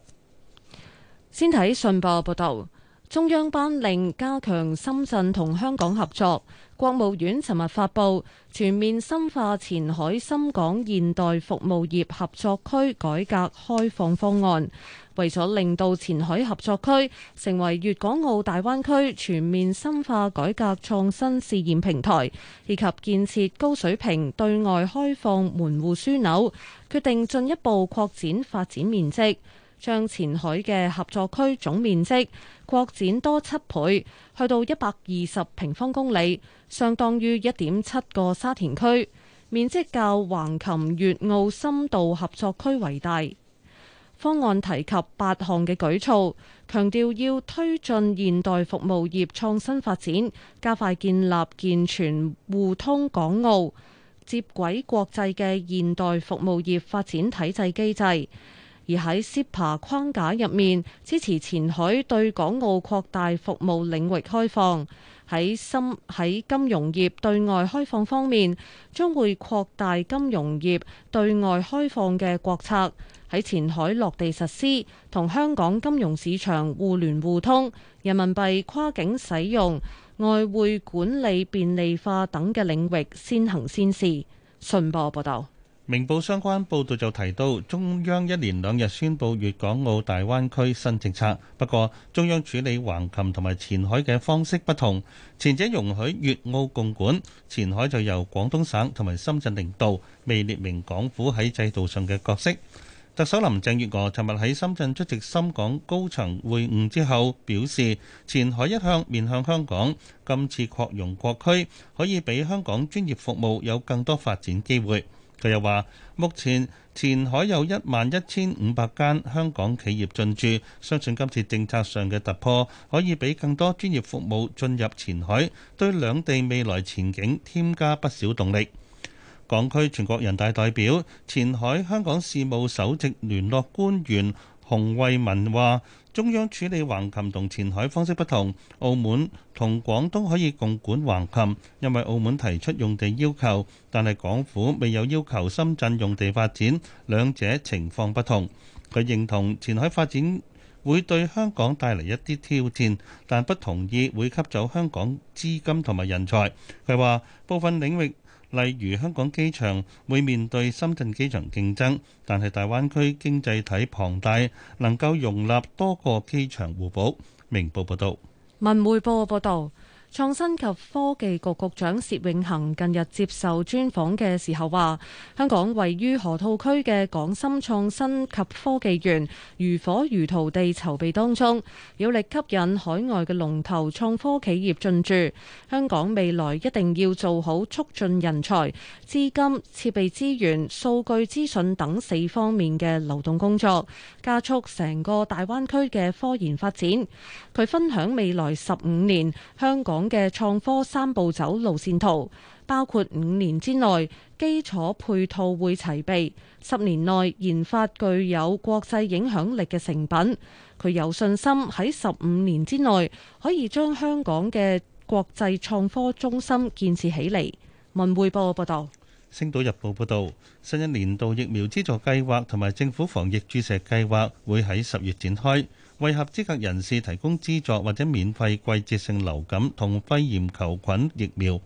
先睇信報報道，中央班令加強深圳同香港合作。國務院尋日發布全面深化前海深港現代服務業合作區改革開放方案，為咗令到前海合作區成為粵港澳大灣區全面深化改革創新試驗平台，以及建設高水平對外開放門戶樞紐，決定進一步擴展發展面積，將前海嘅合作區總面積。擴展多七倍，去到一百二十平方公里，相當於一點七個沙田區，面積較橫琴粵澳深度合作區為大。方案提及八項嘅舉措，強調要推進現代服務業創新發展，加快建立健全互通港澳、接軌國際嘅現代服務業發展體制機制。而喺 CEPA 框架入面，支持前海對港澳擴大服務領域開放；喺深喺金融業對外開放方面，將會擴大金融業對外開放嘅國策喺前海落地實施，同香港金融市場互聯互通、人民幣跨境使用、外匯管理便利化等嘅領域先行先試。信報報道。
明報相關報導就提到，中央一連兩日宣布粵港澳大灣區新政策。不過，中央處理橫琴同埋前海嘅方式不同，前者容許粵澳共管，前海就由廣東省同埋深圳領導，未列明港府喺制度上嘅角色。特首林鄭月娥尋日喺深圳出席深港高層會晤之後表示，前海一向面向香港，今次擴容國區可以畀香港專業服務有更多發展機會。佢又話：目前前海有一萬一千五百間香港企業進駐，相信今次政策上嘅突破，可以俾更多專業服務進入前海，對兩地未來前景添加不少動力。港區全國人大代表、前海香港事務首席聯絡官員洪偉民話。中央處理橫琴同前海方式不同，澳門同廣東可以共管橫琴，因為澳門提出用地要求，但係港府未有要求深圳用地發展，兩者情況不同。佢認同前海發展會對香港帶嚟一啲挑戰，但不同意會吸走香港資金同埋人才。佢話部分領域，例如香港機場會面對深圳機場競爭，但係大灣區經濟體龐大，能夠容納多個機場互補。明報報道，
文匯報報道。創新及科技局局長薛永恆近日接受專訪嘅時候話：香港位於河套區嘅港深創新及科技園如火如荼地籌備當中，有力吸引海外嘅龍頭創科企業進駐。香港未來一定要做好促進人才、資金、設備資源、數據資訊等四方面嘅流動工作，加速成個大灣區嘅科研發展。佢分享未來十五年香港嘅創科三步走路線圖，包括五年之內基礎配套會齊備，十年內研發具有國際影響力嘅成品。佢有信心喺十五年之內可以將香港嘅國際創科中心建設起嚟。文匯報報道，
《星島日報》報道，新一年度疫苗資助計劃同埋政府防疫注射計劃會喺十月展開。為合資格人士提供資助或者免費季節性流感同肺炎球菌疫苗，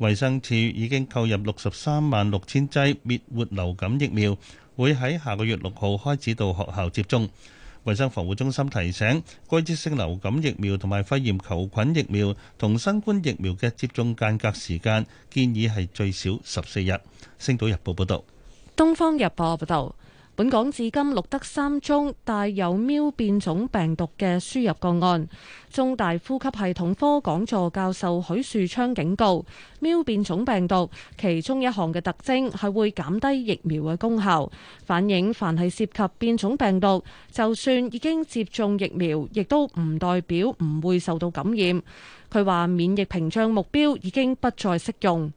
衛生署已經購入六十三萬六千劑滅活流感疫苗，會喺下個月六號開始到學校接種。衛生防護中心提醒，季節性流感疫苗同埋肺炎球菌疫苗同新冠疫苗嘅接種間隔時間建議係最少十四日。星島日報報道，
東方日報報道。本港至今錄得三宗帶有喵變種病毒嘅輸入個案。中大呼吸系統科講座教授許樹昌警告，喵變種病毒其中一項嘅特徵係會減低疫苗嘅功效。反映凡係涉及變種病毒，就算已經接種疫苗，亦都唔代表唔會受到感染。佢話免疫屏障目標已經不再適用。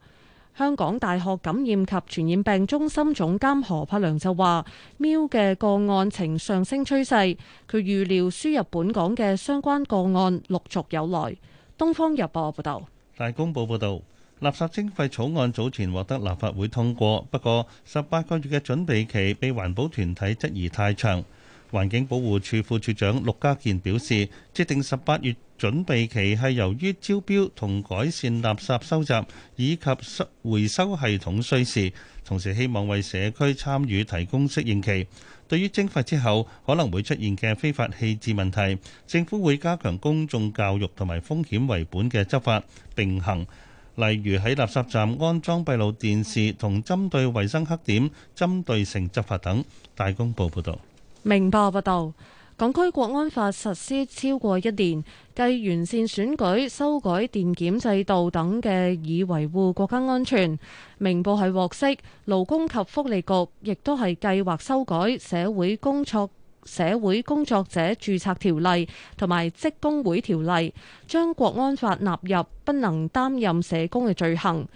香港大學感染及傳染病中心總監何柏良就話，喵嘅個案呈上升趨勢，佢預料輸入本港嘅相關個案陸續有來。東方日報報道，
大公報報道，垃圾徵費草案早前獲得立法會通過，不過十八個月嘅準備期被環保團體質疑太長。環境保護署副副署長陸家健表示，設定十八月準備期係由於招標同改善垃圾收集以及收回收系統需時，同時希望為社區參與提供適應期。對於徵費之後可能會出現嘅非法棄置問題，政府會加強公眾教育同埋風險為本嘅執法並行，例如喺垃圾站安裝閉路電視同針對衞生黑點針對性執法等。大公報報道，
明報報道。港區國安法實施超過一年，繼完善選舉、修改電檢制度等嘅以維護國家安全。明報係獲悉，勞工及福利局亦都係計劃修改社會工作社會工作者註冊條例同埋職工會條例，將國安法納入不能擔任社工嘅罪行。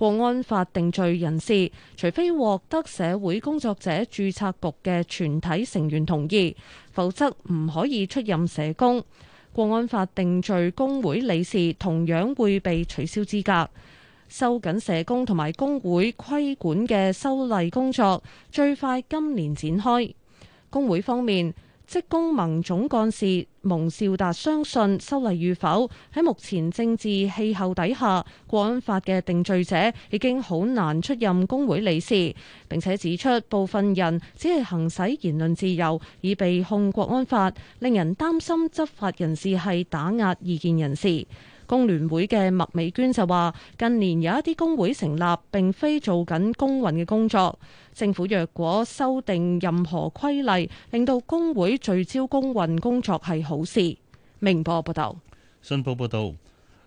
國安法定罪人士，除非獲得社會工作者註冊局嘅全體成員同意，否則唔可以出任社工。國安法定罪工會理事同樣會被取消資格。收緊社工同埋工會規管嘅修例工作，最快今年展開。工會方面，職工盟總幹事蒙兆達相信，修例與否喺目前政治氣候底下，國安法嘅定罪者已經好難出任工會理事，並且指出部分人只係行使言論自由以被控國安法，令人擔心執法人士係打壓異見人士。工聯會嘅麥美娟就話：近年有一啲工會成立，並非做緊工運嘅工作。政府若果修訂任何規例，令到工會聚焦工運工作係好事。明報報道。
信報報道，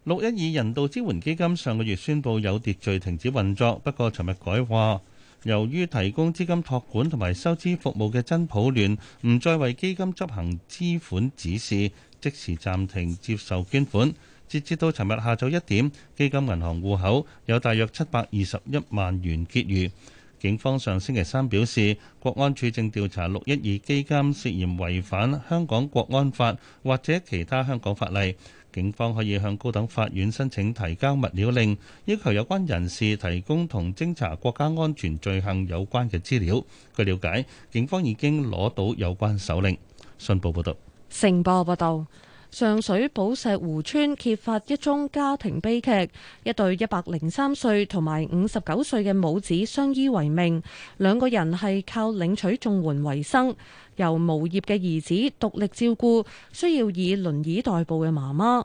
六一二人道支援基金上個月宣布有秩序停止運作，不過尋日改話，由於提供資金託管同埋收支服務嘅真普聯唔再為基金執行支款指示，即時暫停接受捐款。截至到尋日下晝一點，基金銀行戶口有大約七百二十一萬元結餘。警方上星期三表示，國安處正調查六一二基金涉嫌違反香港國安法或者其他香港法例。警方可以向高等法院申請提交物料令，要求有關人士提供同偵查國家安全罪行有關嘅資料。據了解，警方已經攞到有關手令。信報報導，
成報報導。上水寶石湖村揭發一宗家庭悲劇，一對一百零三歲同埋五十九歲嘅母子相依為命，兩個人係靠領取綜援為生，由無業嘅兒子獨力照顧，需要以輪椅代步嘅媽媽。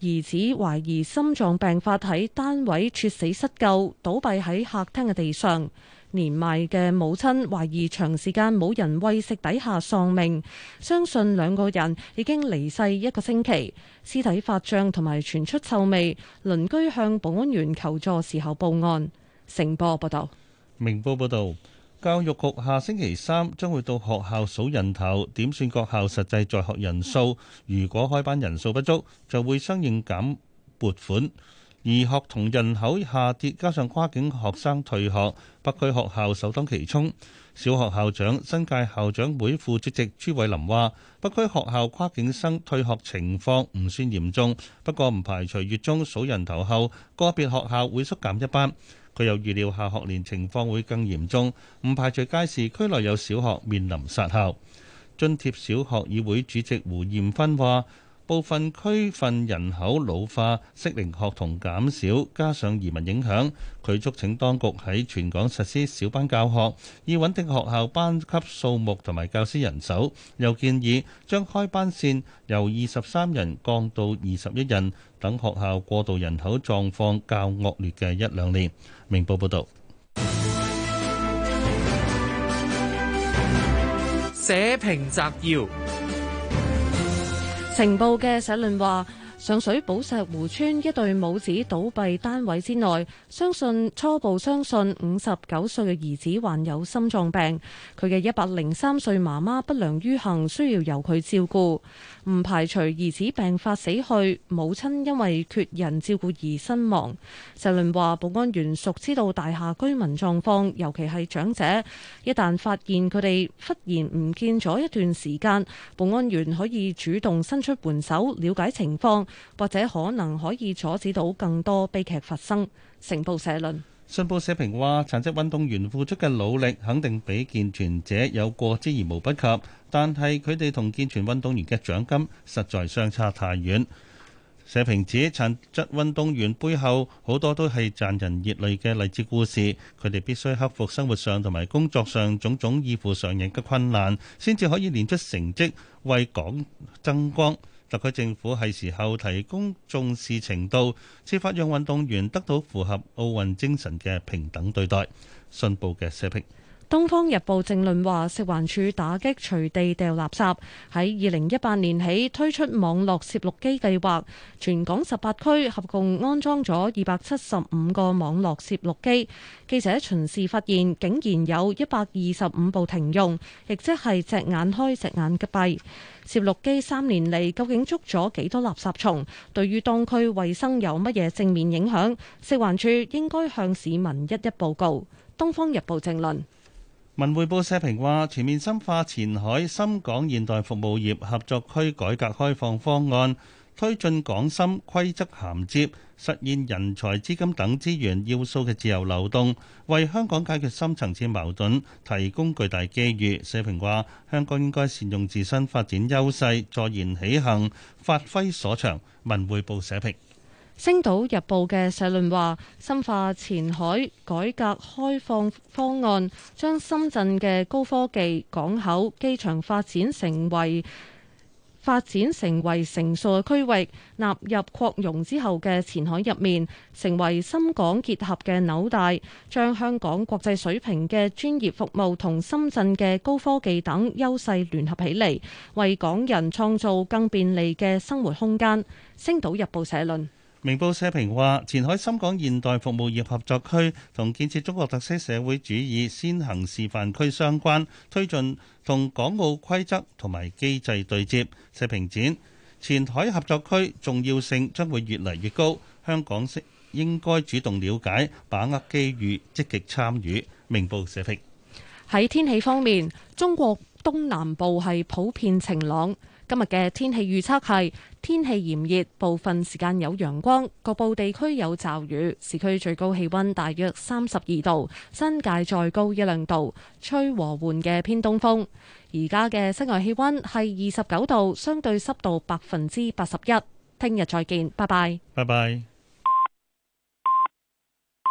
兒子懷疑心臟病發喺單位猝死，失救倒斃喺客廳嘅地上。年邁嘅母親懷疑長時間冇人餵食底下喪命，相信兩個人已經離世一個星期，屍體發脹同埋傳出臭味，鄰居向保安員求助時候報案。成報報道，
明報報道，教育局下星期三將會到學校數人頭，點算各校實際在學人數，如果開班人數不足，就會相應減撥款。而學童人口下跌，加上跨境學生退學，北區學校首當其衝。小學校長、新界校長會副主席朱偉林話：北區學校跨境生退學情況唔算嚴重，不過唔排除月中數人頭後，個別學校會縮減一班。佢又預料下學年情況會更嚴重，唔排除屆時區內有小學面臨殺校。津貼小學議會主席胡艷芬話。部分區份人口老化、適齡學童減少，加上移民影響，佢促請當局喺全港實施小班教學，以穩定學校班級數目同埋教師人手。又建議將開班線由二十三人降到二十一人，等學校過渡人口狀況較惡劣嘅一兩年。明報報導。社評摘要。
情報嘅社論話：上水寶石湖村一對母子倒閉單位之內，相信初步相信五十九歲嘅兒子患有心臟病，佢嘅一百零三歲媽媽不良於行，需要由佢照顧，唔排除兒子病發死去，母親因為缺人照顧而身亡。社論話，保安員熟知道大廈居民狀況，尤其係長者。一旦發現佢哋忽然唔見咗一段時間，保安員可以主動伸出援手，了解情況，或者可能可以阻止到更多悲劇發生。成報社論。
信報社評話：殘疾運動員付出嘅努力肯定比健全者有過之而無不及，但係佢哋同健全運動員嘅獎金實在相差太遠。社評指殘疾運動員背後好多都係賺人熱淚嘅勵志故事，佢哋必須克服生活上同埋工作上種種異乎常人嘅困難，先至可以練出成績，為港爭光。特區政府係時候提供重視程度，設法讓運動員得到符合奧運精神嘅平等對待。信報嘅社評。
《東方日報》正論話，食環署打擊隨地掉垃圾，喺二零一八年起推出網絡攝錄機計劃，全港十八區合共安裝咗二百七十五個網絡攝錄機。記者巡視發現，竟然有一百二十五部停用，亦即係隻眼開隻眼閉。攝錄機三年嚟究竟捉咗幾多垃圾蟲？對於當區衛生有乜嘢正面影響？食環署應該向市民一一報告。《東方日報》正論。
文匯報社評話：全面深化前海深港現代服務業合作區改革開放方案，推進港深規則銜接，實現人才、資金等資源要素嘅自由流動，為香港解決深層次矛盾提供巨大機遇。社評話：香港應該善用自身發展優勢，坐言起行，發揮所長。文匯報社評。
《星島日報》嘅社論話，深化前海改革開放方案，將深圳嘅高科技、港口、機場發展成為發展成為成熟嘅區域，納入擴容之後嘅前海入面，成為深港結合嘅紐帶，將香港國際水平嘅專業服務同深圳嘅高科技等優勢聯合起嚟，為港人創造更便利嘅生活空間。《星島日報》社論。
明報社評話，前海深港現代服務業合作區同建設中國特色社會主義先行示範區相關推進同港澳規則同埋機制對接。社評指前海合作區重要性將會越嚟越高，香港應應該主動了解、把握機遇、積極參與。明報社評。
喺天氣方面，中國東南部係普遍晴朗。今日嘅天氣預測係天氣炎熱，部分時間有陽光，局部地區有驟雨。市區最高氣溫大約三十二度，新界再高一兩度，吹和緩嘅偏東風。而家嘅室外氣溫係二十九度，相對濕度百分之八
十一。聽日再見，拜拜。
拜拜。